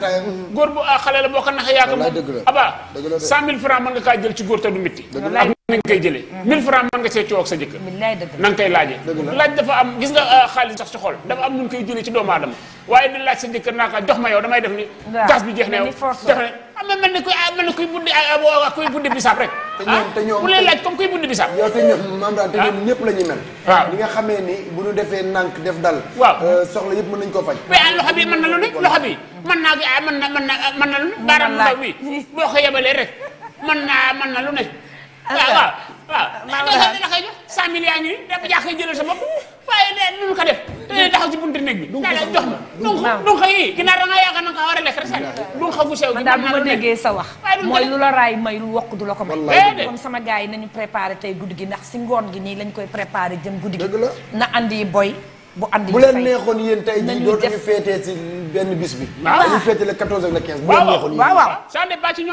aba cent mille francs mën nga kaa jël ci góor sa jëkkër na nga laaje laaj dafa am gis nga euh, xaalis sax ci dafa am lu ñu koy jëlee ci doomu aadama waaye di laaj sa jëkkër naa ko jox ma yow damay def ni gas bi jeex ne yow am na mel ni kuy mel ni kuy buddi ah, ah, kuy buddi bisaab
rek. te ñoom ah? te ñoom bu leen laaj comme kuy buddi bisaab. yow te ñoom maam la ñuy mel. waaw li nga xamee ni bu ñu defee nànk def dal. waaw euh, soxla yëpp mën nañu koo faj. mais loxo bi mën na lu ne loxo bi
mën na mën na mën na lu ne baaraam ndaw bi boo ko yebalee rek man naa mën na lu ne. waaw waaw waaw dèjà dina koy jox sa bopp
ko def dañuy taxaw ci buntu bi da jox ma donc donc yi ginnaaw da na nga war a lekk rek donc xabu sew man daal bu ma déggee sa wax mooy lu la raay may lu wokk du la ko may kon sama gars yi nañu préparé tey guddi gi ndax si ngoon gi nii lañ koy préparé jëm guddi gi na andi boy bu andi bu leen
neexoon yéen tey jii dootuñu féetee ci benn bis bi. waaw dañuy féete le 14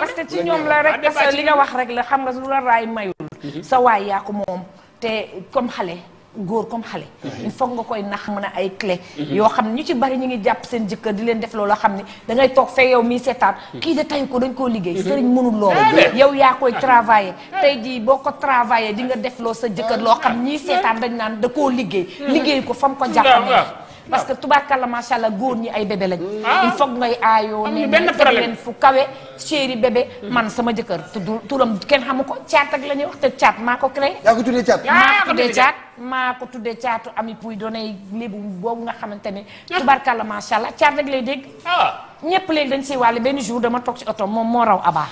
ak
ci ñoom la rek parce li nga wax rek la xam nga lu la raay mayul. Mhm. sa waay yaa ko moom te comme xale. góor comme xale il faut nga koy nax mën a ay clé yoo xam ne ñu ci bari ñu ngi jàpp seen jëkkër di leen def loolu xam ne dangay toog fee yow mii seetaan kii de tay ko dañ koo liggéey sëriñ mënul loolu yow yaa koy travailler tey jii boo ko travailler di nga def loo sa jëkkër loo xam ñii seetaan dañ naan da koo liggéey hmm. liggéey ko fam ko jàppale parce que tubaarkàlla macha allah góor ñi ay bébé lañ. Ah. il faut ngay aayoo. am benn problème leen fu kawe chéri bébé. sama jëkkër tuddul turam kenn xamu ko caat ak la ñuy wax te caat maa ko créé. yaa ko tuddee ko tuddee caat. maa ko tuddee caatu ami puy nga xamante ne. Ah. tubaarkàlla macha allah caat rek lay dégg. Ah. ñëpp léegi dañ siy wàll benn jour dama toog si oto moom moo raw abaa.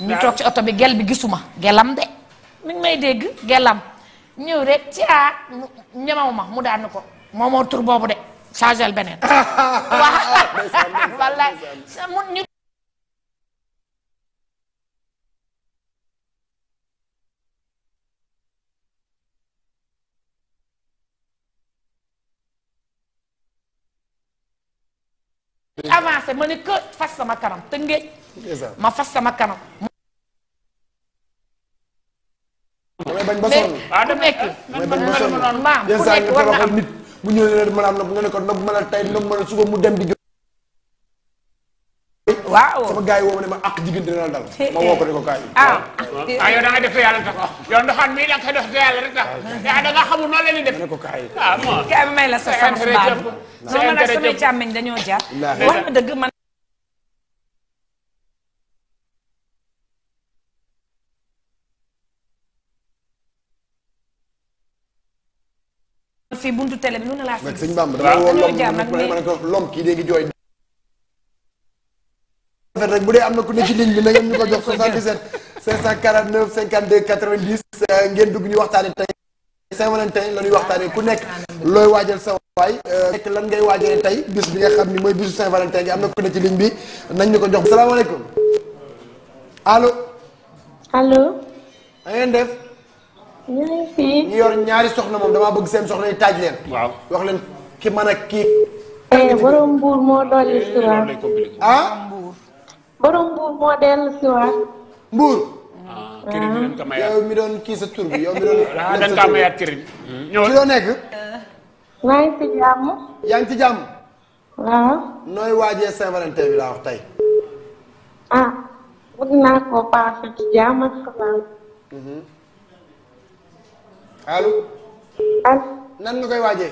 ñu toog ci oto bi gel bi gisuma gelam de mi may dégg gelam ñëw rek caa ñemaw ma mu daan ko moo tur boobu de changel beneen waaw wallaay mun ñu avancé ma ne que fas sama kanam tëngéej ma fas sama kanam
damay bañ ba sonn
ku nekk maam ku nekk
war
bu ñëwee ne maanaam nopp nga ne ko nopp ma la tey nopp ma la suba mu dem di. yi woo ma ne ma ak jigéen dina la dal. ma woo ko ne ko kaay. ah
ah yow da nga def yàlla tax
yow ndoxam mi la nga def yàlla rek tax da nga xamul noonu la ñuy def. ma ne ko kaay. ah may la sa sens baax. sama càmmiñ dañoo jaar. wax na dëgg man. fii buntu télé ne
rek bu dee am na ku ne ci ligne bi na ngeen ko jox 77 549 52 90 ngeen dugg ñu waxtaane tey Saint-Valentin la ñuy waxtaane ku nekk looy waajal sa waay euh, nekk lan ngay waajale tey bis bi nga xam ni mooy bisu Saint-Valentin bi am na ku ne ci ligne bi nañ ñu ko jox salaamaaleykum allo allo na ngeen def ñu yor ñaari soxna moom damaa bëgg seen soxla yi taaj leen. waaw wax leen ki mën a kii. Eh, borom
mbuur moo dolli si waat. Ah? dellu si waat. mbuur.
Ah, yow mi doon kii sa tur bi yow mi doon. ah nekk. Hmm, eh,
maa ngi ci jàmm.
yaa ngi ci jàmm. waaw. nooy waajee Saint-Valentin bi laa wax tey.
ah bëgg naa koo paase jàmm ak allo. allo. nan nga koy
waaje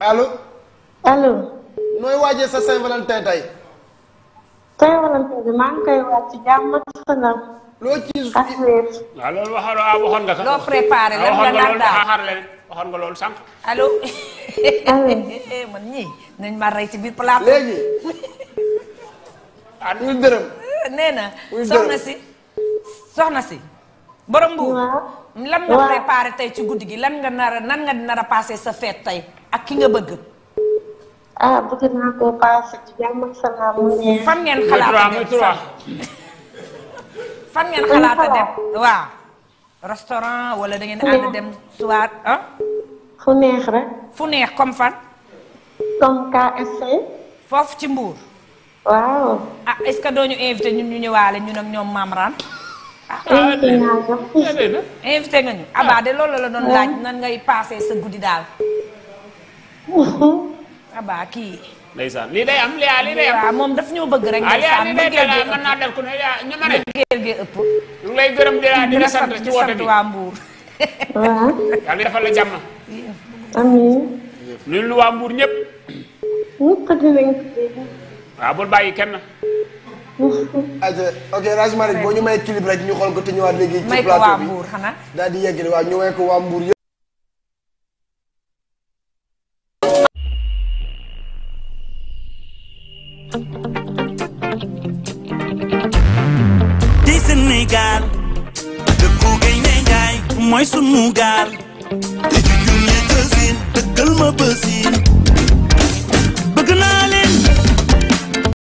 allo. allo. nooy waajee sa Saint-Valentin tey.
Saint-Valentin maa ngi koy waaj ci jàmm ak salaam. loo ci. ak wér.
waaw loolu waxoon ah waxoon nga sax. loolu waxoon nga sànq. allo.
man ñii nañ ma rey ci biir plateau. léegi. ah muy dërëm. si. na si. borom bu lan nga préparé tey ci guddi gi lan nga nar nan nga nar a passé sa fête tey ak ki nga bëgg. ah bëgg naa fan ngeen xalaat dem fan restaurant wala da ngeen ànd dem. soir ah? fu neex rek. fu neex comme fan. foofu ci Mbour. waaw. ah est-ce que doo ñu invité ñun ñu ñëwaale ñun ak ñoom Mamran.
invité naa
jox nga ñu Aba de loolu la doon laaj nan ngay passé sa guddi daal. Aba kii.
lii day am lii ah lii day am. waaw bëgg rek. ndeysaan naa
dal ku ne yaa ñu ma ne. mbëggeel gi ëpp. ñu lay gërëm di la di la sant ci woote bi waa Mbour. waaw.
yàlla defal la jàmm. amiin. nuyu lu waa Mbour ñëpp. ñëpp bul bàyyi kenn.
ayca ok Raj Malick boo ñu may clip rek ñu xool ko te ñëwaat léegi. ci plateau bi daal di yeggali waaw ñu may ko waa Mbour yëpp.
di Sénégal dëkku Gaynde Njaay mooy sunu te ju ñu ñeent dëkkal ma bës